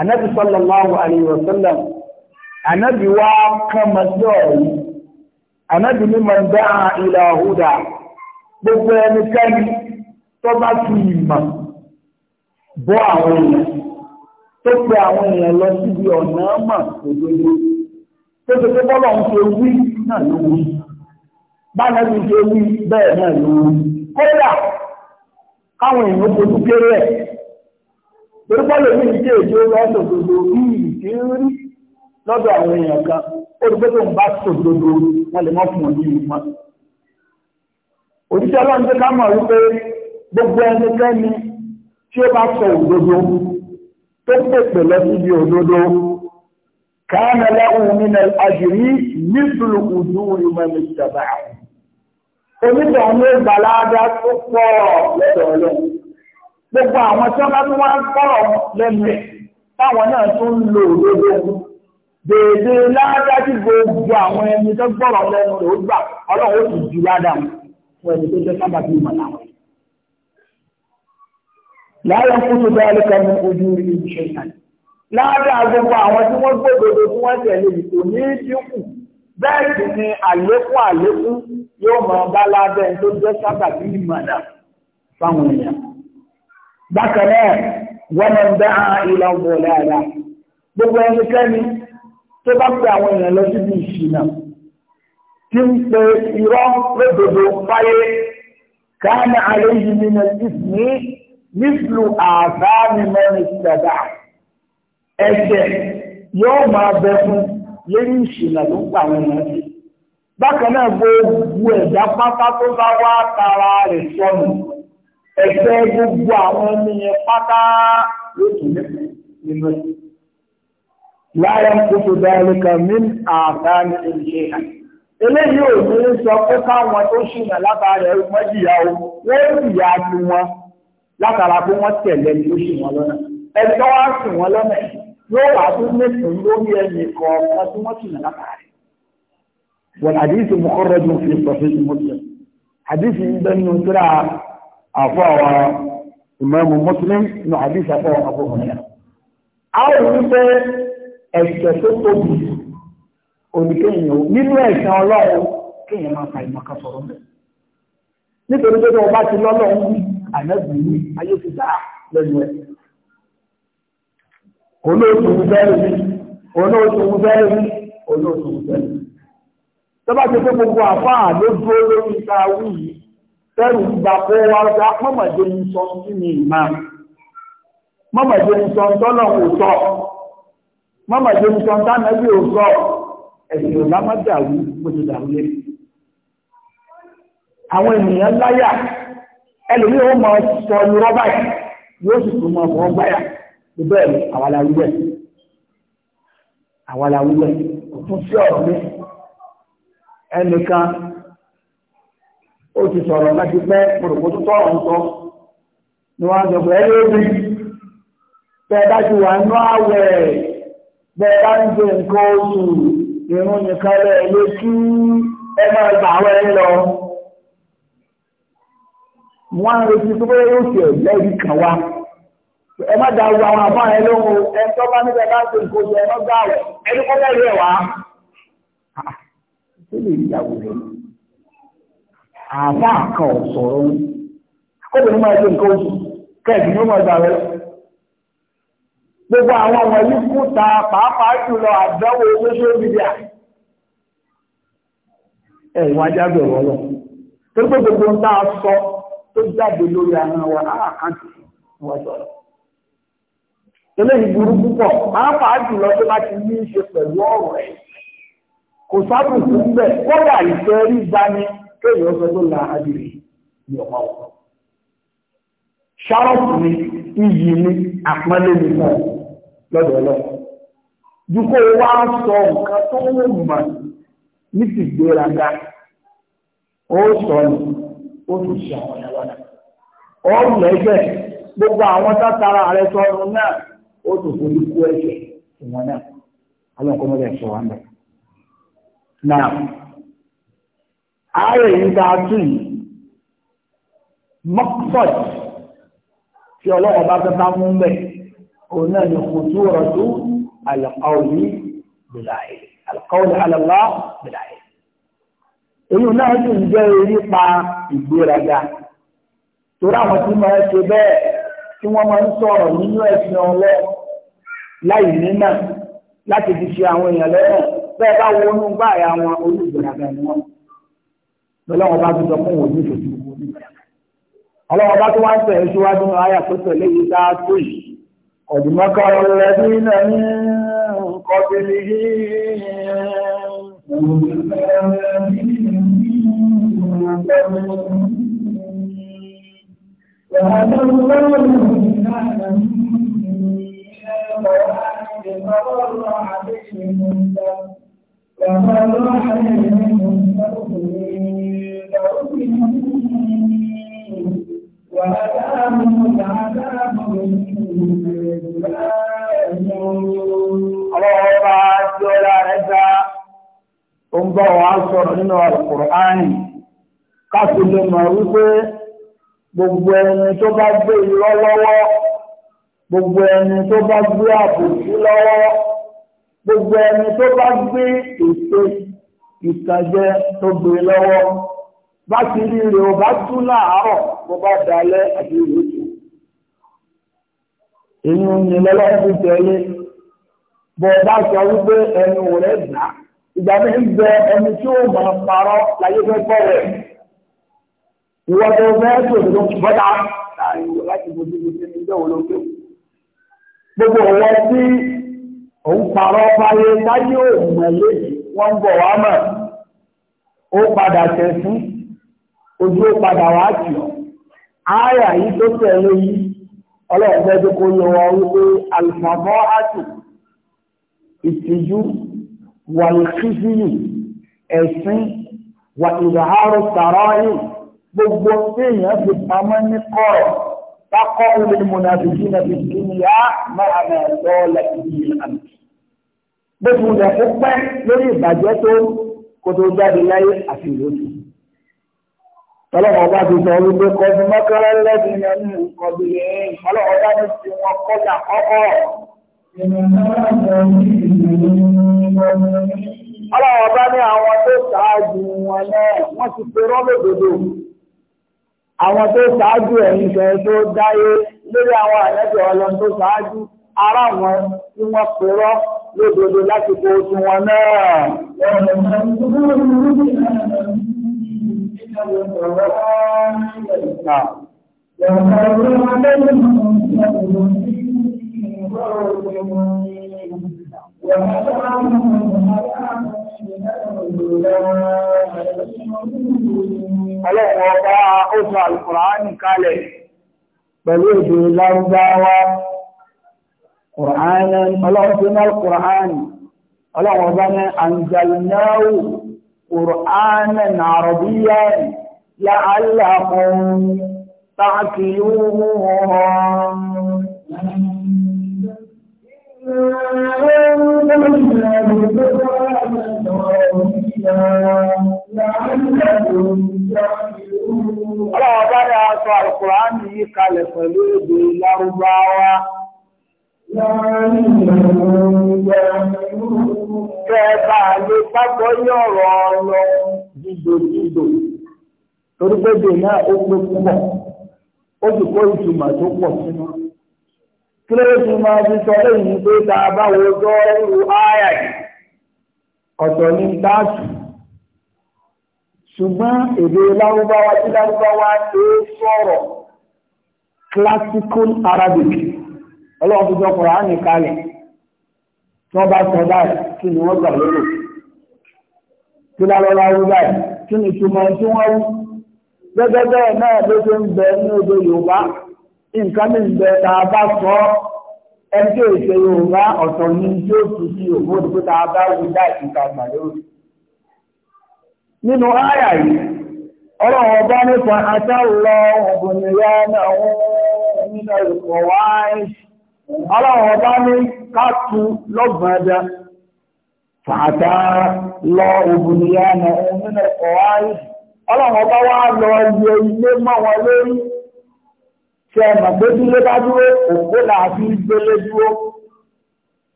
A: النبي صلى الله عليه وسلم النبي واقم الزوي النبي ممن دعا إلى هدى gbogbo ẹnikẹ́ni tó bá fi ìmọ̀ bọ́ àwọn èèyàn tó pe àwọn èèyàn lọ síbi ọ̀nà mọ̀ òdodo tó ṣe pé bọ́lá ń ṣe wí náà ló wí báwọn ẹni ṣe wí bẹ́ẹ̀ náà ló rí kódà káwọn èèyàn fojú kéré ẹ̀ torí bọ́ọ̀lù mi ní kéèjé lọ́sọ̀ dodo bí ìdí rí lọ́dọ̀ àwọn èèyàn kan ó rí pé tó ń bá sọ dodo wọn lè mọ́ fún òní ìmọ̀ òjíṣẹ́ ọlọ́run tó ká mọ̀ wípé gbogbo ẹnikẹ́ni tí ó bá sọ òdodo tó pèpè lọ síbi òdodo kàánà lẹ́hùn nínú àṣírí nítorí ojú ìmọ̀ ìjọba onítọ̀ ní ìgbàláàdá tó pọ̀ lọ́dọ̀ ọlọ́ gbogbo àwọn tí wọ́n bá tún wá ń kọ́rọ̀ lẹ́nu ẹ̀ táwọn náà tún ń lo òdodo dèédé láàdá tí gbogbo àwọn ẹni tó gbọ́rọ̀ lẹ́nu rẹ̀ ó gbà ọlọ́run ó sì ju ládà fún ẹni tó jẹ́ sábà bí mọ̀ láwọn. láyé kútu bá ẹlẹ́kọ̀ọ́ ní ojú ilé iṣẹ́ náà láàdá gbogbo àwọn tí wọ́n gbọ́dọ̀ tí wọ́n tẹ̀lé ìkò ní dínkù bẹ́ẹ̀ sì ni àlékún àlékún yóò mọ̀ bá lábẹ́ tó jẹ́ sábà bí ìmọ̀nà fáwọn èèyàn. Bákan náà, wọ́n mọ̀ ń dá ìlà ọ̀bọ̀ lára. Gbogbo ẹnikẹ́ni tó bá pe àwọn èèyàn lọ síbi ìṣìnà tí ń pe irọ́ lódodo fáyé káàmì àléyìn nínú ìsìnkú nífìlú àbá mi mẹ́rin ṣẹ̀dá. Ẹ̀jẹ̀ yóò máa bẹ fún lérí ìṣìnà ló ń pa àwọn èèyàn sí bákan náà gbogbo ẹ̀dá pátá tó bá wá tara rẹ̀ sọnù ẹ̀fẹ́ gbogbo àwọn ẹni yẹn pátá ló tún nínú ẹ̀ láyé kókò dáríkà mí àdáni ìṣe hàn eléyìí ò ní sọ pé káwọn tó ṣìnà látara ẹrù mọ́jìyà o wọ́n jìyà ti wọn látara pé wọ́n tẹ̀lé ní ó wọn lọ́nà ẹ̀tọ́ wá sì wọn lọ́nà yìí yóò wà tó mẹ́sàn lórí ẹni kọ̀ọ̀kan tí wọ́n ti nà látàrí. Wọ́n àdíṣì mọ́kọ́rọ̀ jù fi sọ̀fẹ́ sí Muslim. Àdíṣì ń bẹ́ nínú tíra àfọ́ àwọn ìmáàmù Muslim ní àdíṣì àfọ́ àwọn àfọ́ òun yẹn. A ó rí pé ẹ̀ṣẹ̀ tó tóbi oníkéyìn nínú ẹ̀ṣẹ̀ ọlọ́run kéèyàn máa fa ìmọ̀ká sọ̀rọ̀ mẹ́. Nítorí pé tó bá ti lọ́lọ́run àyẹ̀bùn ayé ti dáa lẹ́nu ẹ̀ olóòtú bẹ́ẹ̀rí olóòtú bẹ́ẹ̀rí olóòtú bẹ́ẹ̀rí tó bá ti pé gbogbo àfáà ló dúró lórí ìta wí yìí tẹ́rù ìgbà kó wá ọjà mọ́mọ̀dé ń sọ sí ni ìmá mọ́mọ̀dé ń sọ tọ́lọ̀ ò sọ mọ́mọ̀dé ń sọ tánàbí ò sọ ẹ̀sìn ọ̀lámọ́dàwí mo ti dàrú lé àwọn ènìyàn láyà ẹlòmíràn ó máa sọ irọ́ báyìí yóò sì tún máa fọ́ báyà gbogbo ẹ̀mí àwọn aláwúwẹ̀ àwọn aláwúwẹ̀ kò tún sí ọ̀rọ̀ mi ẹnìkan ó ti sọ̀rọ̀ láti pẹ́ pòròpó tó tọ́rọ̀ ń sọ ni wọ́n sọ pé ẹ ló rí bẹ́ẹ̀ bá ti wà nú àwẹ̀ bẹ́ẹ̀ bá ń gbé nǹkan oṣù ìrún nìkan lẹ̀ lé kí ẹ máa gbà wẹ́ lọ wọ́n á retí tó bẹ́ẹ̀ yóò ẹ̀jẹ̀ kan wá ẹ má da ọgbà àwọn àbá ẹ lóhun ẹ tó bá níbẹ̀ bá ń ṣe nǹkan oṣù ẹ má gbà wẹ̀ ẹ ní kọ́kọ́ rẹ̀ wá. ṣé lè yàwó rẹ̀ àbá kan ò sọ̀rọ̀ ń kóbìnrin máa ṣe nǹkan oṣù kẹ́ẹ̀kì ni ó máa gbà wẹ̀ lọ. gbogbo àwọn ọmọ yìí kú ta pàápàá jùlọ àdánwò social media ẹ ìwọ ajá bẹ̀rù ọlọ torí pé gbogbo ń tá a sọ tó jáde lórí ara wa àkáǹtì wọn sọ̀rọ̀. eléyìí burú púpọ̀ máa fà á jùlọ tó bá ti ní í ṣe pẹ̀lú ọ̀rọ̀ ẹ̀ kò sábùkù ń bẹ̀ kódà ìfẹ́ rí gbani kéèyàn sọ tó la ní ọ̀pá ọ̀pá ni iyì ni àpọ́nlé mọ̀ lọ́dọ̀ lọ sọ nǹkan tó ń ní ti gbéraga ó sọ gbogbo àwọn tátara ó tún forí kó ẹ̀jẹ̀ ìwọ̀n náà ọlọ́nkọ́ mọ́lẹ̀ sọ wá mẹ́. Náà ààrẹ yìí bá tún yìí mọ́kọ́t tí ọlọ́wọ́ bá fẹ́ bá mú mẹ́ òun náà ni kò tó rọ̀ tó àlọ́kọ́ọ̀lì bìláì àlọ́kọ́ọ̀lì àlọ́lá bìláì. Èyí náà sì ń jẹ́ orí pa ìgbéraga. Torí àwọn tí mo ṣe bẹ́ẹ̀ tí wọ́n máa ń sọ̀rọ̀ nínú ẹ̀sìn ọlọ́ láì nínà láti fi ṣe àwọn èèyàn lọ́nà bẹ́ẹ̀ bá wọnú báyà wọn olùgbèrágà ni wọn. lọ́lọ́wọ́ bá tún sọ fún òní ìṣòtú gbogbo nígbà. ọlọ́wọ́ bá tún wá ń tẹ̀lé síwájú ní àyà tó tẹ̀lé yìí tá a tó yìí. ọ̀dùnmọ́kọ lẹ́bí náà ní nǹkan ti lè yí. ọ̀dùnmọ́kọ lẹ́bí náà ní ae aaaa eraaa mbawụ zụrụ naụrụ anyị kapioawuwe gbogbo ẹni tó bá gbé irọ́ lọ́wọ́ gbogbo ẹni tó bá gbé àbòsí lọ́wọ́ gbogbo ẹni tó bá gbé ète ìtànjẹ tó gbé lọ́wọ́ bá ti rí rè ó bá tún láàárọ̀ bó bá dalẹ̀ àti ìrètò èyí ń yin lọ́lọ́dún tẹ̀lé bọ̀ bá sọ wípé ẹnu rẹ̀ dà ìgbà mi ń bẹ ẹni tí ó máa parọ́ láyé fẹ́ kọ́ rẹ̀ ìwọ tó fẹ́ tó tó bọ́dà láàrin ìwọ láti bojú bojú ní ìjọ òun lókè gbogbo ọwọ́ tí òun parọ́ fáyé táyé òun ẹ̀lẹ́ wọ́n ń bọ̀ wá mọ̀ ó padà tẹ̀sùn ojú ó padà wá tì ọ́ ààyà yìí tó tẹ̀lé yìí ọlọ́run fẹ́ tó kó yẹ wọ́n wípé àlùfàmọ́ àtù ìtìjú wàlùkísìlì ẹ̀sìn wà ìdáhàrò sàrọ́ yìí gbogbo téèyàn fi pamọ́ ní kọ́rọ̀ lákọ́ ilé mọ̀nàfíjì náà fi kí ni á máa nà ẹ̀tọ́ lẹ́yìn ìlànà. Gbogbo rẹ̀ kó pẹ́ lórí ìbàjẹ́ tó kó tó jáde láyé àti ìlótú. Tọ́lọ́mọ bá ti sọ wípé kọjú mọ́kànlá lẹ́bi ní ọdún nǹkan bí i ọlọ́mọ bá ti fi wọn kọjá kọ́kọ́. Ọlọ́mọ bá ní àwọn tó ṣáájú wọn náà wọ́n ti pe rọ́lódodo àwọn tó ṣáájú ẹ̀yìn ṣẹ̀ tó dáyé lórí àwọn àyẹ́jọ́ ọlọ́n tó ṣáájú ara wọn tí wọ́n pèrọ́ lódodo láti kó oṣù wọn náà. Wọ́n ọlọ́run ọba ó sọ alùkùránì kalẹ̀ pẹ̀lú èdè lárúbáwá kùránì ọlọ́run tó náà kùránì ọlọ́run ní àǹjàlìnáwó kùránì nàrọ̀bíyà Ọlọ́wọ́ bá ní aṣọ Àlùkùránì yí kalẹ̀ pẹ̀lú èdè Lárúbáwá. Kẹ́ẹ̀bà lè pápọ̀ ọrụ ọ̀rọ̀ ọlọ jídòjídò. Torí pédè náà ó pé púpọ̀, ó sì kó ìtumọ̀ tó pọ̀ sínú. Kí ló ti máa fi sọ pé ta báwo Ọ̀tọ̀ ni ṣùgbọ́n èdè lárúbáwá tí lárúbáwá tó sọ̀rọ̀ classical arabic ọlọ́run tó jọ kọ̀rọ̀ á nìkalẹ̀ tí wọ́n bá sọ báyìí kí ni wọ́n gbà lérò tí lárọ́lá wú báyìí kí ni túmọ̀ tí wọ́n wú gẹ́gẹ́ bẹ́ẹ̀ náà ló ṣe ń bẹ ní odò yorùbá nǹkan mi ń tá a bá sọ ẹni tí ò ṣe yorùbá ọ̀tọ̀ ni tí ó sí òfóòdù pé tá a ta gbà lérò nínú áyà yìí ọlọ́run ọba nípa àtàlọ́ òbònìyà náà nínú ìkọ̀ wá ọlọ́run ọba ní káàtù lọ́gbọ̀nẹ́dẹ́ fàtà lọ náà nínú wá ọba wá lọ yẹ ilé mọ́ wọn lórí tí ẹ mọ̀ pé dúró bá dúró òkú làáfi gbélé dúró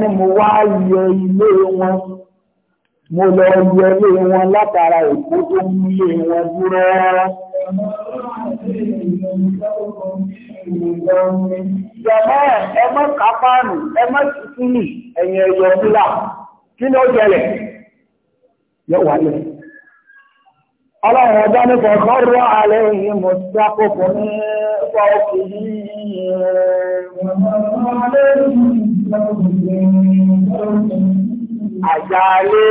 A: ní mo wá mo lọ yẹ ilé wọn látara èkó tó ń ilé wọn dúró. Jọ̀mọ́ ẹ mọ́ kápánù ẹ mọ́ títúlì ẹ̀yìn ẹ̀yọ̀ fúlà kí ló jẹlẹ̀? Yóò wà lẹ̀. Ọlọ́run ọjọ́ ní kọ̀ọ̀kan rọ́ àlẹ́ yìí mo ti dákòkò ní ọkọ̀ òkè yìí àjàalé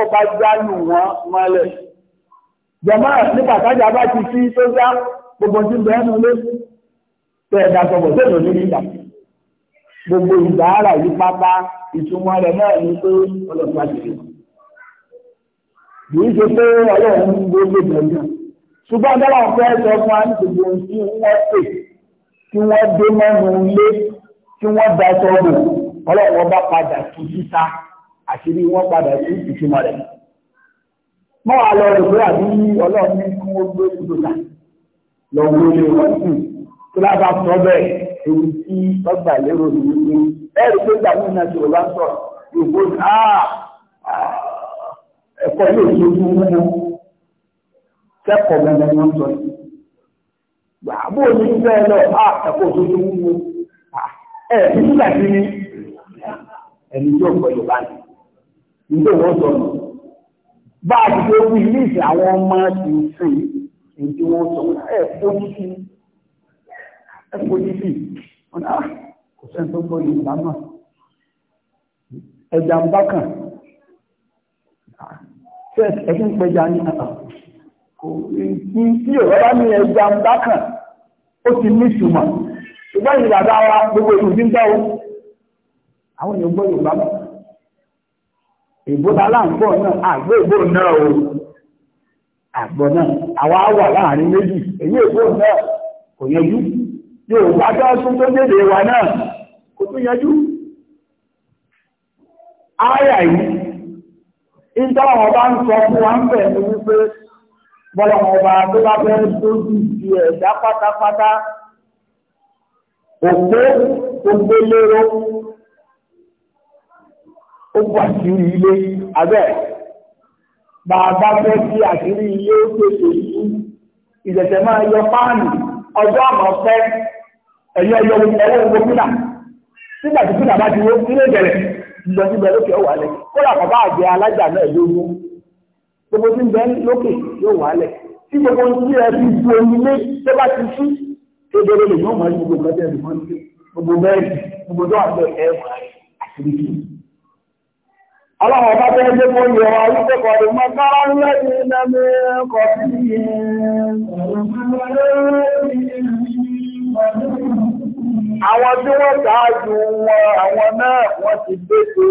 A: ó bá jálù wọn mọ́lẹ̀. jọmọ́ ní pàtàkì bá ti sí tó já gbogbo tí bẹ́ẹ̀ nù lé tẹ ẹ̀dà sọ̀bọ̀ tó lò nínú ìgbà gbogbo ìdára yìí pátá ìtumọ̀ rẹ̀ náà ní pé ọlọ́pàá ti rí kìí ṣe pé ọlọ́run ń gbé gbèdé ọjọ́ ṣùgbọ́n dára ọ̀fẹ́ sọ fún wa ní gbogbo ohun tí wọ́n pè tí wọ́n dé mọ́nu ilé tí wọ́n da sọ́ọ̀bù ọlọ́run ọba padà kì síta àṣírí wọn padà sí ìtumọ̀ rẹ̀. mọ́ wa lọ rẹ̀ pé àbí ọlọ́run ní kí wọ́n gbé ìdòdà lọ wo ilé wọn sí tó lábà sọ bẹ́ẹ̀ èyí tí ọgbà lérò ní wípé ẹ̀rí pé gbàgbé náà ti rọ̀bá sọ̀rọ̀ yòókù ẹ̀kọ́ yóò tó tún mú un kẹ́kọ̀ọ́ gbẹ̀ngàn ni wọ́n sọ ní a ẹ̀kọ́ tó tún mú un. Ẹ̀ ẹ̀ nígbà tí ẹni tí ó gbọ́ Yorùbá nígbà wọ́n sọ nù. Bá a ti tó wí ní ìsìn àwọn ọmọ ti ń sìn ní tí wọ́n sọ ẹ̀ fojú sí ẹ̀ fojú sí ọ̀nà ah, kò sẹ́ni tó gbọ́ Yorùbá náà. Ẹja ń bá kàn. Ah, ṣé ẹ̀sìn pẹja ní àtà? Ah, kò ní tí Yorùbá bá ní ẹja ń bá kàn, ó ti ní ìtumọ̀. Ṣùgbọ́n ìdàgbà wa gbogbo ìlú ti ń dá Àwọn èèyàn gbọ́ Yorùbá náà ìbúta láǹpọ̀ náà àgbé ìbò náà o àgbọ̀ náà àwa wà láàrin méjì èyí ìbò náà kò yẹjú yóò bá jọ tún tó dédé wa náà kò tún yẹjú ááyà yìí ìtàwọn ọba ń sọ fún wa ń bẹ̀ ní wípé bọ́lọ̀mọ̀ ọba tó bá fẹ́ lójú ti ẹ̀dá pátápátá òpó ògbéléró ó bu àṣírí ilé abẹ́ bàbá fẹ́ sí àṣírí ilé ó pèsè ìlú ìṣẹ̀ṣẹ̀ máa yọ páànù ọjọ́ àmọ́ fẹ́ ẹ̀yọ́ ẹ̀yọ́ ẹ̀wọ́ owó fúnà nígbà tí fúnà bá ti wó nílé ìbẹ̀rẹ̀ lọ síbẹ̀ lókè ó wàálẹ̀ kódà bàbá àgbẹ̀ alájà náà lógún gbogbo tí ń bẹ lókè yóò wàálẹ̀ tí gbogbo tí ẹ fi bu omi lé tó bá ti sí kedere lè yóò máa yí gbogbo ẹgbẹ́ rẹ̀ mọ́ gbogbo bẹ́ẹ̀ gbogbo tó wà bẹ́ẹ̀ ẹ̀ wà àṣírí kìí Ọlọ́run ọba tẹ́ ẹgbẹ́ mọ́ yọ wa wípé kọ̀dù mọ́ sára lẹ́yìn lẹ́mí kọ̀ sí Àwọn tí wọ́n ṣáájú wọn àwọn náà wọ́n ti gbèsè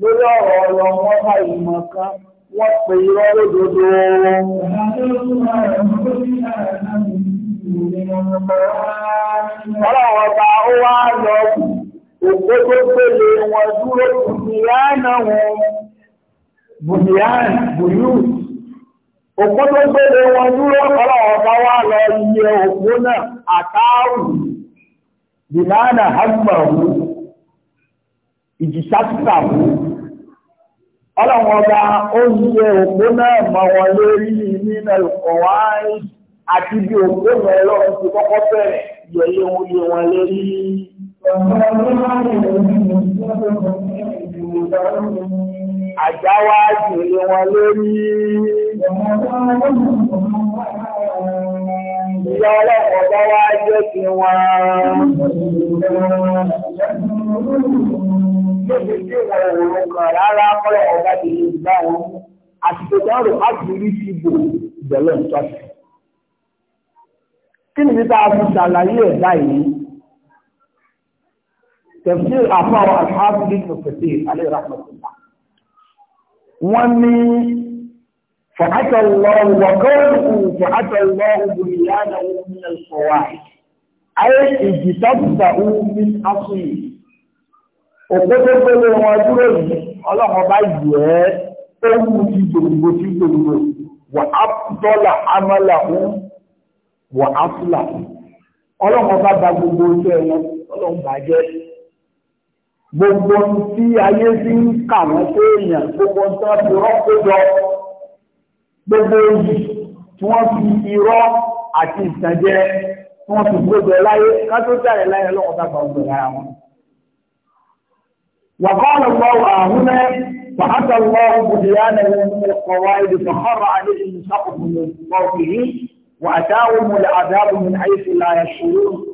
A: lórí ọ̀rọ̀ ọ̀rọ̀ wọn bá ìmọ̀ kan wọ́n pè irọ́ lódodo. Ọlọ́run ọba ó wá lọ òkú tó gbélé wọn dúró bùnìyàn àwọn bùnìyàn bùnú òkú tó gbélé wọn dúró ọlọ́wọ́ bá wà lọ iye òkú náà àtàrù bìnánà hàgbàwù ìjìṣàtìtàwù ọlọ́wọ́ bá ó iye òkú náà mọ̀ wọn lórí nínú ìkọ̀wá àti bí òkú náà lọ́wọ́ ti kọ́kọ́ bẹ̀rẹ̀ yẹ̀yẹ́ wọn lé Àjá wá jùlé wọn lórí.
B: Ìyá ọlọ́pọ̀ọ́ wá jẹ́ kí wọn.
A: tí wọ́n rárá mọ́lọ̀ ọ̀gá ti lè gbá wọn. Àtìkò tán rò á ti rí sí tafsir àfọwọ́ alḥafi ibn kathir alayhi rahmatullah wọ́n ní fàátà lọ́wọ́ wọ́kọ́rùkù fàátà lọ́wọ́ bùnìyànà omi ẹ̀sọ́wà ayé ìjìtàbùtà omi asùn òkótókóló wọn dúró yìí ọlọ́run bá yù ẹ́ ó wù sí gbogbo tí ayé fi ń kà wọ́n pé èèyàn gbogbo tí wọ́n fi rọ́pò jọ gbogbo yìí tí wọ́n fi irọ́ àti ìtànjẹ tí wọ́n fi gbogbo láyé kátó jáde láyé lọ́wọ́ tá a gbà gbogbo lára wọn. وقال الله هنا فأتى الله بنيانه من القواعد فخر عليهم سقف من فوقه وأتاهم العذاب من حيث لا يشعرون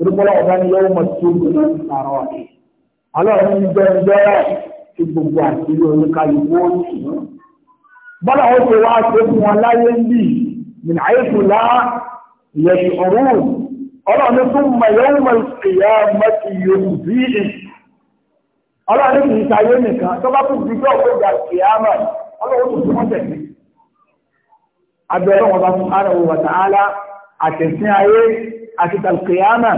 A: orúkọlọ́ ọ̀gá ni yóò mọ̀ tí ó gbọ́dọ̀ ní àárọ̀ rẹ̀. Ọlọ́run ń bẹ bẹ́ẹ̀ tí gbogbo àṣírí oníkàlùkù ó sì mú. Bọ́lá ó ṣe wá ṣe fún wọn láyé ń bì mí náà ètò lá ìyẹ̀sì ọ̀run. Ọlọ́run tún mọ̀ yóò mọ̀ ìyá mọ́tì yòókù sí ì. Ọlọ́run kì í ṣayé nìkan tó bá tún fi bí ọ̀pọ̀ ìgbà kì á mọ̀. Ọlọ́run tún fi tẹ̀lé. Abẹ́rẹ́ wọn bá fún Àrẹ̀wò Wàtàálá àtẹ̀sí ayé àti tàlùkìyàmà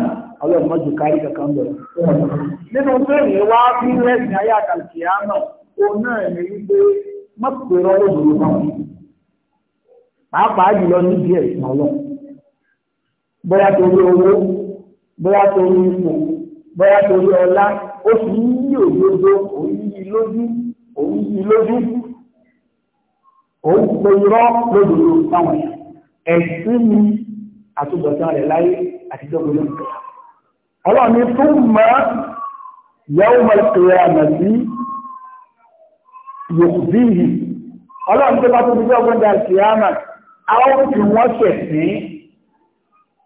A: ọlọ́run mọ́jú kárí kankan bọ̀. nínú bẹ́ẹ̀ wá bí lẹ́sìn ayé àtàlùkìyàmà òun náà ní wípé mọ́pẹ̀rọ lóòrùn náà pàápàá jùlọ níbi ẹ̀sìn ọlọ́run bóyá torí owó bóyá torí ipò bóyá torí ọlá ó fi ń yí òdodo òun yí lójú òun yí lójú òun pe irọ́ lódodo táwọn ẹ̀sìn ni àtúbọ̀tán rẹ̀ láyé àti dọ́gbọ́n lónìí. ọlọ́run ní fún mọ́ yẹ́wò mọ̀lẹ́kẹ̀rẹ́ àmàlí yòókù bí yìí ọlọ́run tó bá tó fi dọ́gbọ́n dà sí àmà àwọn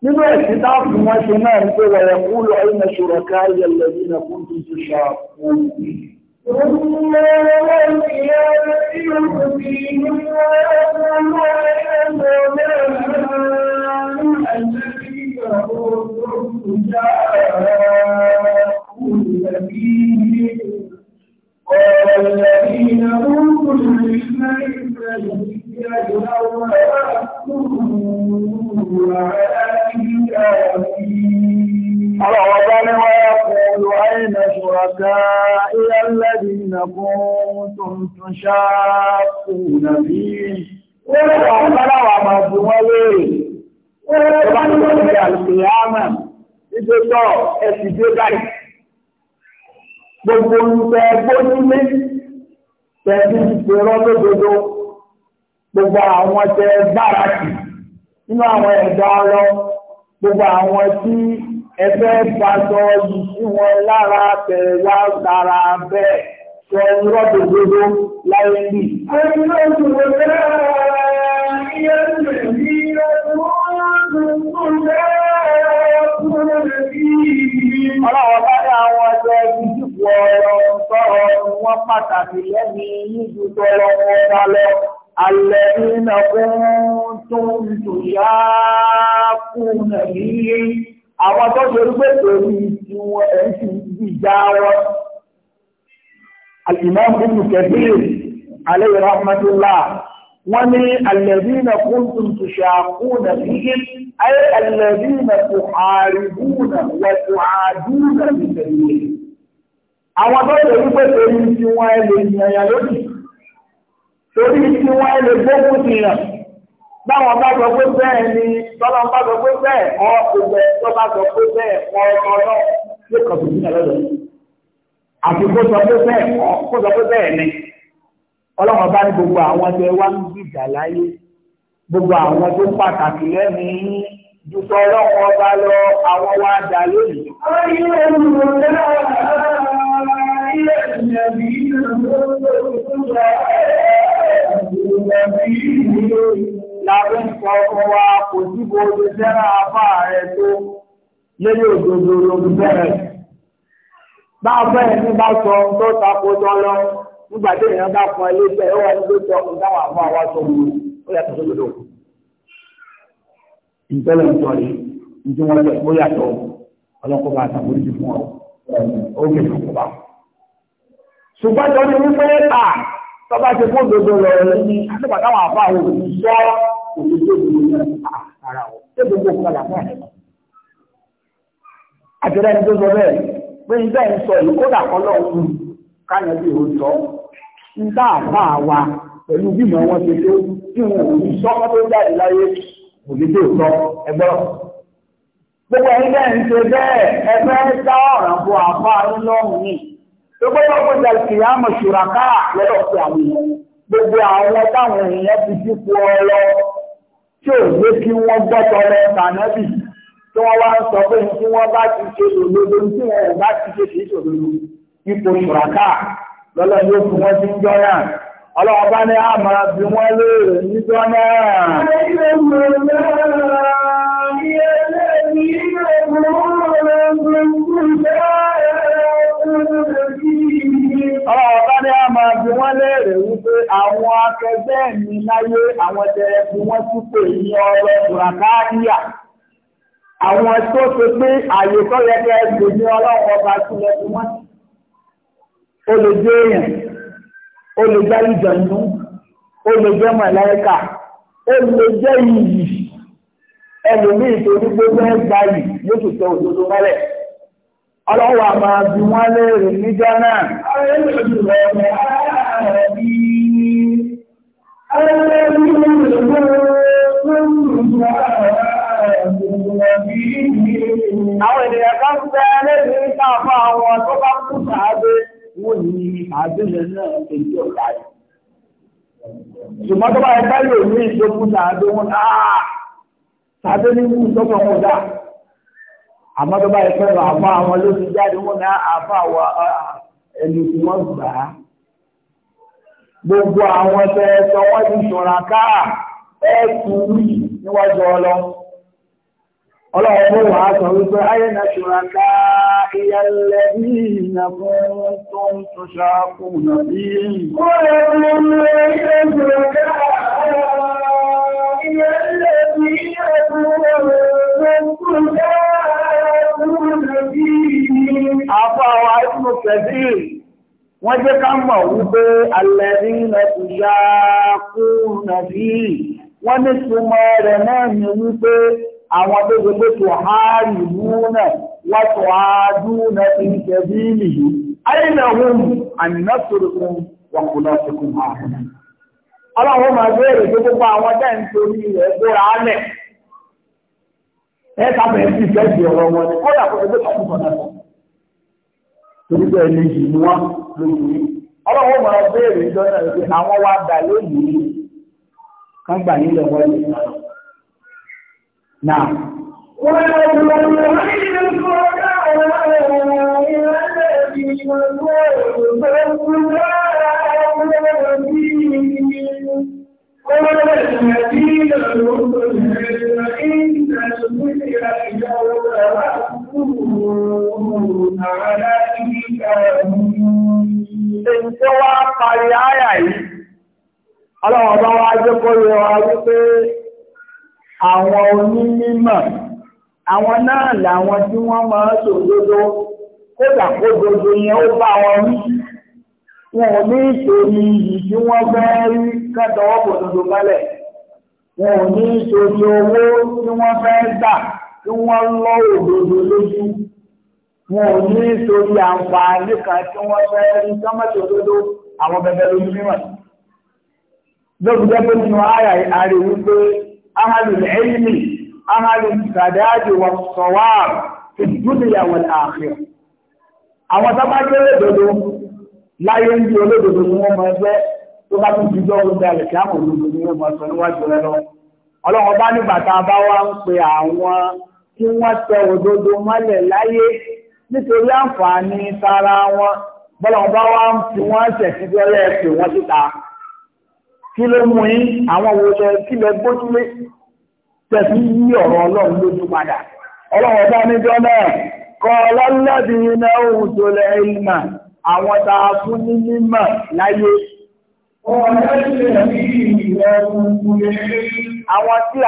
A: nínú ẹ̀sìn táwọn fi wọ́n ṣe náà ń pé wọ̀rẹ̀ kú lọ ẹ̀yìn ṣòro káyẹ̀ lẹ́yìn náà kún tó ti ṣàkóso. الذي له الحكم جاءوا فيه قال الذين اوتوا العلم ان يوم الذين كنتم تشاقون فيه ti dé báyìí gbogbo nǹkan ẹgbẹ́ nílé tẹ̀sí ìṣòro lódodo gbogbo àwọn tẹ bára kì nínú àwọn ẹ̀dá ọlọ gbogbo àwọn tí ẹgbẹ́ ìbáṣọ yìí sí wọn lára tẹ̀lé wá bẹ́ẹ̀ sọ irọ́ gbogbo láyé bì. àwọn ọmọ ìṣòro náà yẹ kí ẹ̀sìn yìí ọdún ọdún tó lẹ́ẹ̀kúrò lẹ́bí. Ọlọ́wọ́ bá rí àwọn ẹgbẹ́ ìdìbò ọ̀rọ̀ sọ̀rọ̀ wọn pàtàkì lẹ́ni yíjú tọrọ wọn bá lọ. Alẹ́ iná fún tó ń tòyá kùn nàìjíríà. Àwọn tó ṣe rúgbé torí tí wọ́n ẹ̀ ń sì wọn. Àlìmọ́ Bùkù Kẹ̀bíyè, alẹ́ ìrọ̀mọ́dúnlá. وني الذين كنتم تشاقون فيهم أي الذين تحاربون وتعادون بسبيلهم àwọn tó lè wípé torí tí wọ́n ẹ lè yànyàn lónìí torí tí wọ́n ẹ lè gbógun ti yàn báwọn bá sọ pé bẹ́ẹ̀ ni tọ́lọ́ bá sọ pé bẹ́ẹ̀ kọ́ ọ̀gbẹ́ tó bá sọ pé bẹ́ẹ̀ kọ́ ọ̀tọ̀ náà yóò kàn fún ìyàn lọ́dọ̀ àti kó sọ pé bẹ́ẹ̀ kọ́ kó sọ pé bẹ́ẹ̀ ni ọlọ́run bá ní gbogbo àwọn tẹ wá ń gbìjà láyé gbogbo àwọn tó pàtàkì lẹ́mìí dùkọ ọlọ́run ọba lọ àwọn wá dà lónìí. Lábẹ́ ìfọ̀ ọkọ̀ wa kò sí bo olùsẹ́rà afá rẹ̀ tó lórí òdòdó olùsẹ́rẹ̀. Bá a fẹ́ ẹni bá sọ tó takò tọ́lọ́run nígbà tí èèyàn bá fún ẹ léṣe ẹ wà nígbà tí ọkùnrin táwọn àfọ àwọn aṣọ wù ó yàtọ̀ tó gbọdọ̀. ìtọ́lẹ̀ ń sọ yìí ní tí wọ́n lọ ó yàtọ̀ ọlọ́kọ̀ bá àtàkùnrin fún ọ ó kè é kọ́kọ́ bá. ṣùgbọ́n tó ní wípé à tọ́ba ti fún òdodo lọ rẹ ní àtìgbà táwọn àfọ àwọn òkùnrin sọ òdodo òdodo àtẹ̀rẹ́ ẹni tó sọ bẹ́ẹ̀ pé ìgbà ń sọ ìkódà kọ́lọ́ òun kánà bí òun sọ ń bá àbá wa pẹ̀lú bímọ wọn ṣe tó tí wọn ò ní sọ́kọ́ tó jáde láyé kò ní tó sọ ẹgbọ́n. Gbogbo ẹni bẹ́ẹ̀ ń ṣe bẹ́ẹ̀ ẹgbẹ́ dá ọ̀ràn bo àbá lọ́rùn ni. Gbogbo ọkọ̀ ìdàlùkì yà mọ̀ ṣùràká lọ́dọ̀ sí àmì. Gbogbo àwọn táwọn èèyàn ti dípò ọlọ tí ò gbé kí wọ́n gbọ́tọ̀ lọ tànẹ́bì tí wọ́n wá ń sọ pé tí wọ́n bá ti ṣe òdodo tí wọ́n bá ti ṣe kìí ṣòdodo ipò ṣùràká lọ́lọ́ yóò fún wọn sí ń jọ náà ọlọ́wọ́ bá ní àmà bí wọ́n léèrè níjọ́ náà ọlọ́wọ́ bá ní àmà bí wọ́n léèrè wípé àwọn akẹgbẹ́ mi láyé àwọn tẹ̀rẹ̀ bí wọ́n túpè ní ọ̀rọ̀ bùràkáàríà àwọn tó ṣe pé àyè tó yẹ kẹ́ ẹgbẹ̀ ní ọlọ́wọ́ bá túnlẹ̀ bí wọ́n ti ó lè jẹ́ èèyàn ó lè jẹ́ ìjọ̀nú ó lè jẹ́ màláíkà ó lè jẹ́ iyì ẹlòmíì tó ní gbogbo ẹgbàá yìí yóò tún tẹ òdodo mọ́lẹ̀ ọlọ́wọ́ a máa bí wọ́n léèrè ní Ghana. Àwọn ènìyàn kan fẹ́ lẹ́yìn ìta fún àwọn tó bá kú sàádé wọ́n ní àádọ́jọ náà èyí ọ̀gá rẹ̀. ṣùgbọ́n tó bá yẹ káyọ̀ ní ìṣókùn sàádó wọn náà sàádó ní wù sọ́kọ̀ wọn dá. àmọ́ tó bá yẹ kẹ́rọ àfa àwọn ló ti jáde wọn náà àfa àwọn ẹni tí wọ́n gbà á. gbogbo àwọn tẹ sọ wọ́n ti ṣọ̀ràn káà ẹ̀ kú níwájú ọlọ́run.
B: Ọlọ́run wà á sọ wípé ayé
A: na ṣùgbọ́n ká ìyá lẹ́bí ìyà fún tó ń tó ṣàkùn náà bí i. Ó rẹ̀ mú lé ṣẹ́gbọ̀n ká wọ́n jẹ́ ká mọ̀ wípé alẹ́bí ìyà tó ṣàkùn náà bí Wọ́n ní súnmọ́ rẹ̀ náà ni wípé àwọn tó ṣe pé tòhárì múnà wàtò na ti ń tẹ̀bí nìyí ayélujáhùn ànínàtòròkùn wàkùnàtòkùn ọlọ́run máa tó gbogbo àwọn ń torí rẹ̀ gbóra álẹ̀ ẹ sábẹ̀ ọ̀rọ̀ wọn ni torí yìí ni wọ́n lóyún ọlọ́run máa ìjọ náà pé àwọn wa dà nílẹ̀ wọlé náà Náà. Wọ́n Ọlọ́wọ́ jẹ́ kó lè wá wípé àwọn onímọ̀ àwọn náà làwọn tí wọ́n máa ṣòdodo kódà kódodo yẹn ó bá wọn rí wọn ò ní ìṣòrí iyì tí wọ́n fẹ́ rí kẹ́tọ̀ọ́ kòdodo mọ́lẹ̀ wọn ò ní ìṣòrí owó tí wọ́n fẹ́ gbà tí wọ́n lọ́ òdodo lójú wọn ò ní ìṣòrí àǹfààní kan tí wọ́n fẹ́ rí sọ́mọ́tò òdodo àwọn bẹ̀bẹ̀ lójú mímọ̀ lóbi jẹ́ pé nínú ààrẹ wípé أهل العلم أهل السداد والصواب في الدنيا والآخرة àwọn tó bá jẹ́ lódodo láyé ń di olódodo ni wọ́n máa jẹ́ tó bá tún jíjọ́ oúnjẹ alẹ̀ kí á mọ̀ olódodo ni wọ́n máa sọ níwájú rẹ lọ. ọlọ́run bá nígbà tá a bá wá ń pe àwọn tí wọ́n tẹ òdodo mọ́lẹ̀ láyé nítorí àǹfààní tara wọn bọ́lọ́run bá wá ń fi wọ́n ṣẹ̀síbẹ́rẹ́ pè wọ́n síta kí ló mú yín àwọn òwòlẹ̀ kí lẹ gbójúlé tẹ̀sí yí ọ̀rọ̀ ọlọ́run lójú padà ọlọ́run ọba níjọ́ náà kọ́ ọlọ́lẹ́bí iná òun tó lẹ ìmà àwọn tá a fún ní mímọ̀ láyé àwọn tí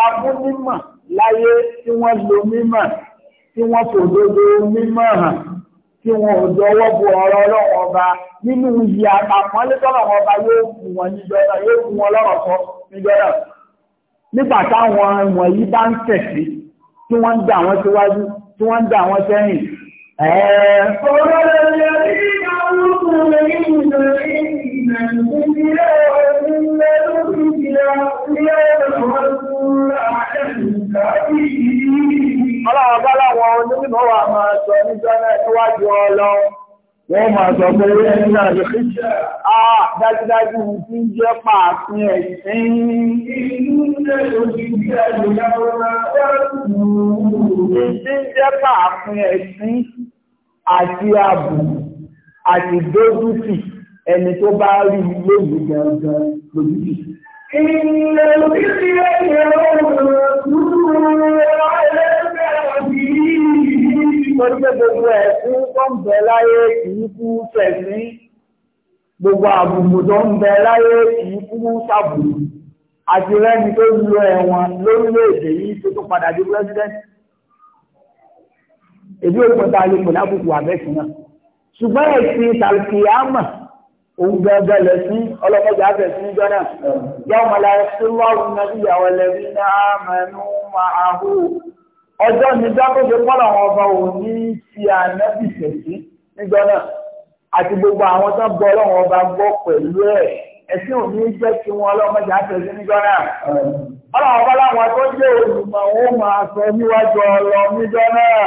A: a fún mímọ̀ láyé tí wọ́n lo mímọ̀ tí wọ́n fòdodo mímọ̀ hàn tí wọn ò jọwọ́ bu ọ̀rọ̀ ọlọ́run ọba nínú iyì àpapọ̀lé tọ́lọ́run ọba yóò fún wọn níjọba yóò fún wọn lọ́rọ̀ sọ níjọba. nígbà táwọn wọ̀nyí bá ń tẹ̀sí tí wọ́n ń dà wọ́n síwájú tí wọ́n ń dà wọ́n sẹ́yìn. ọ̀rọ̀ rẹ̀ yẹ kí àwọn ọkùnrin ìgbà ìgbà ìgbà wọ́n máa sọ pé ẹni náà lè fi jẹ́ àà dájúdájú tí ń jẹ́ pààfin ẹ̀sìn ìlú lẹ́lò ti jẹ́ ìyàwó àti ààbò àti dójútì ẹni tó bá rí ilé ìlú gangan lójútì. Ìlú lẹ́lò ti jẹ́ ìyàwó nítorí pé gbogbo ẹ̀sìn tó ń bẹ láyé kì í kú tẹ̀sí gbogbo àbùkù tó ń bẹ láyé kì í kú sàbùkù àti rẹ́ni tó lo ẹ̀wọ̀n lórílẹ̀-èdè yìí tó tó padà di pírẹ́sidẹ́ntì èdè òkun tá a lè pè lábùkù àbẹ́sìn náà ṣùgbọ́n ẹ̀sìn tàlùkìyàmà òun gẹ́gẹ́ lẹ̀ sí ọlọ́mọdé àbẹ̀sìn jọ́nà yàwọn ọmọlá ẹ̀sìn lọ́rùn náà ìyàwó ẹlẹ́bí náà mẹ́nu máa hù ọjọ́ ni dákòjò pọ́nà àwọn ọba ò ní ti ànábì tẹ̀sí níjọ náà àti gbogbo àwọn tó ń bọ ọlọ́run ọba gbọ́ pẹ̀lú ẹ̀ ẹ̀sìn ò ní jẹ́ kí wọn ọlọ́mọdé àtẹ̀sí níjọ náà ọlọ́run ọba láwọn tó jẹ́ olùmọ̀ wọn máa sọ níwájú ọlọ́ níjọ náà.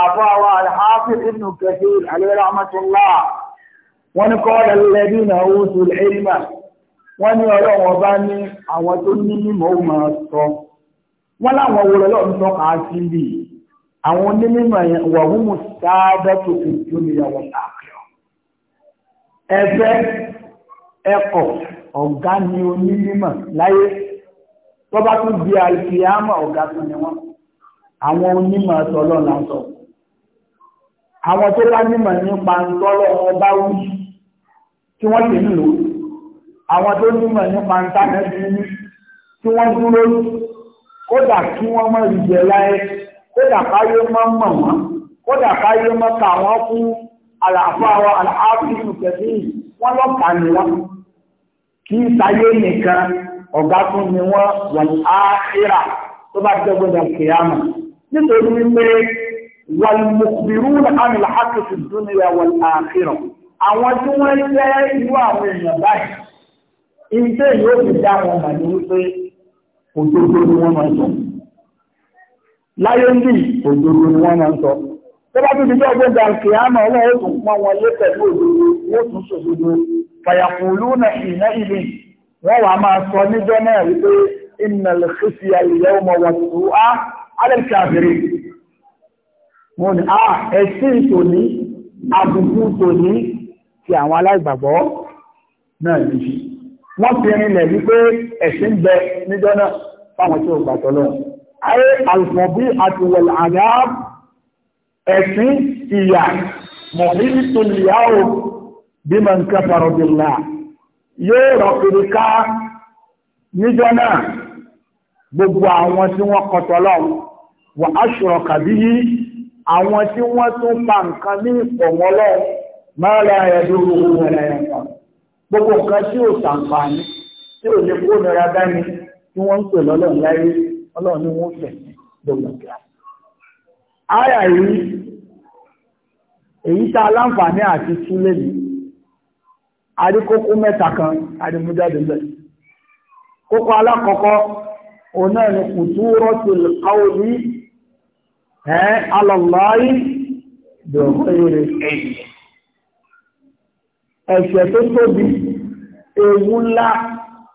A: àfáwà الحافظ ابن كثير عليه رحمة الله ونقول الذين alladhina العلم ilma wọ́n ní ọlọ́wọ́n bá ní àwọn tó ní mímọ́ ó máa sọ wọ́n láwọn wo lọ́lọ́ ń tọ́ka sí bí àwọn onímọ̀ yẹn wà húmù sáábẹ́ tó fi júnìyà wọn àkàrà ẹgbẹ́ ẹ̀kọ́ ọ̀gá ni onímọ̀ láyé tó bá tún di àìsíyámọ̀ ọ̀gá tó ni wọ́n àwọn onímọ̀ tọ́lọ́ là ń àwọn tó bá nímọ̀ nípa ntọ́lọ́ ọba wí tí wọ́n ti ń lò àwọn tó nímọ̀ nípa ntánẹ́bí wí tí wọ́n dúró kódà kí wọ́n mọ̀ ìjẹ́ láyé kódà káyé mọ́ mọ̀ wọ́n kódà káyé mọ́ kà wọ́n kú àlàáfà wọn àlàáfíì kẹfì wọn lọ́kà ní wọn kì í sáyé nìkan ọ̀gá fún ni wọ́n wọ̀n áhírà tó bá jẹ́ gbọ́dọ̀ kìyàmù nítorí wípé wàlùmùkùbìrún àmì làákì fi dúnìyà wàlùmùkìrọ̀ àwọn tí wọ́n jẹ́ irú àwọn èèyàn báyìí iṣẹ́ yóò fi dá wọn mà ní wípé òdodo ni wọ́n máa ń sọ láyé ń bì òdodo ni wọ́n máa ń sọ tó bá tún ti jẹ́ ọgbẹ́ ìgbà kìí àmà ó tún pọ́n wọn lé pẹ̀lú òdodo ó tún ṣòdodo fàyàkùlù na ìná ìlú wọ́n wà máa sọ níjọ́ náà wípé ìnàlẹ̀ kìsì àlùyẹ́ ọmọ wọn tó á alẹ́ kàfẹ́rẹ́ wọ́n ni ah ẹ̀sìn tòní àbùkù tòní ti àwọn aláìgbàgbọ́ náà ní ṣe wọ́n fi rinlẹ̀ wípé ẹ̀sìn bẹ níjọ́ náà fáwọn tí ó gbàtọ́ lọ ayé alùpọ̀bí àti wọ̀lẹ̀ àdá ẹ̀sìn ìyà mọ̀bí nítorí ìyàwó bí mọ̀ nǹkan farobìnlá yóò rọ̀ ká níjọ́ náà gbogbo àwọn tí wọ́n kọtọ́ lọ wọ́n aṣọ kàbí yìí àwọn tí wọ́n tún pa nǹkan ní ìpọ̀wọ́ lọ́wọ́ máa la ẹ̀dùrú wọn ẹ̀yẹ̀fà gbogbo nǹkan tí ò sàǹfààní tí ò lè kó nira dání tí wọ́n ń pè lọ́lọ́run láyé ọlọ́run ni wọ́n fẹ̀ gbogbo ìgbà. àyà yìí èyí tá a láǹfààní àti túlé mi àríkókó mẹ́ta kan àrímújáde bẹ́ẹ̀. kókó alákọ̀ọ́kọ́ òun náà ni kùtù rọ́tìlì káwọ́ yìí alọ́láyé bẹ̀rẹ̀ ẹ̀yẹ. Ẹ̀ṣẹ̀ tó tóbi, ewu ńlá,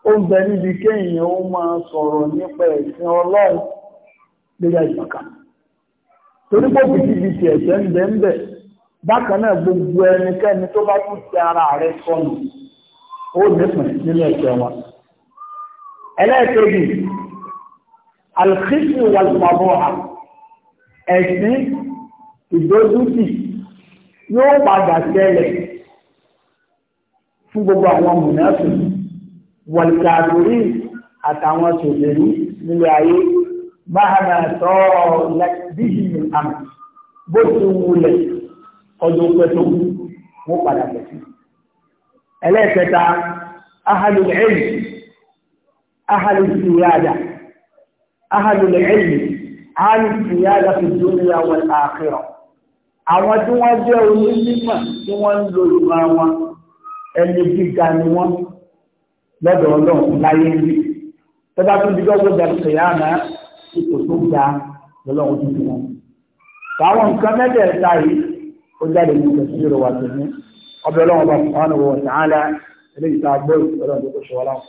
A: ó ń bẹ níbi kéèyàn ó máa sọ̀rọ̀ nípa ẹ̀sìn ọlọ́run lórí ìgbàkà. Torí pé òkú síbi ti ẹ̀ṣẹ̀ ń bẹ ń bẹ, bákan náà gbogbo ẹnikẹ́ni tó bá tún ti ara rẹ̀ sọnù, ó nípìn nínú ẹ̀ṣẹ̀ wọn. Ẹlẹ́ẹ̀kejì, Alkhisu wal Mabuha ẹ̀sìn ìdójútì yóò padà tẹ́lẹ̀ fún gbogbo àwọn mùnẹ́sùn wọ̀lìkàdùrí àtàwọn tòlèrí nílé ayé máhàmà tọ́ bíhì àmì bó ti wulẹ̀ ọdún pẹ̀tọ́ wọ́n padà tẹ̀sí ẹlẹ́ẹ̀kẹta ahalu ẹ̀yìn ahalu àìsíyá láti dúnlẹ̀ àwọn àkírà àwọn tí wọ́n jẹ́ onímọ̀ tí wọ́n ń lo ìmọ̀ wọn ẹni gíga ni wọ́n lọ́dọ̀ ọlọ́run láyé rí tó bá tún dídọ́ gbọ́dọ̀ ṣèyá náà ipò tó ga lọ́lọ́run gbọ́ ọlọ́run.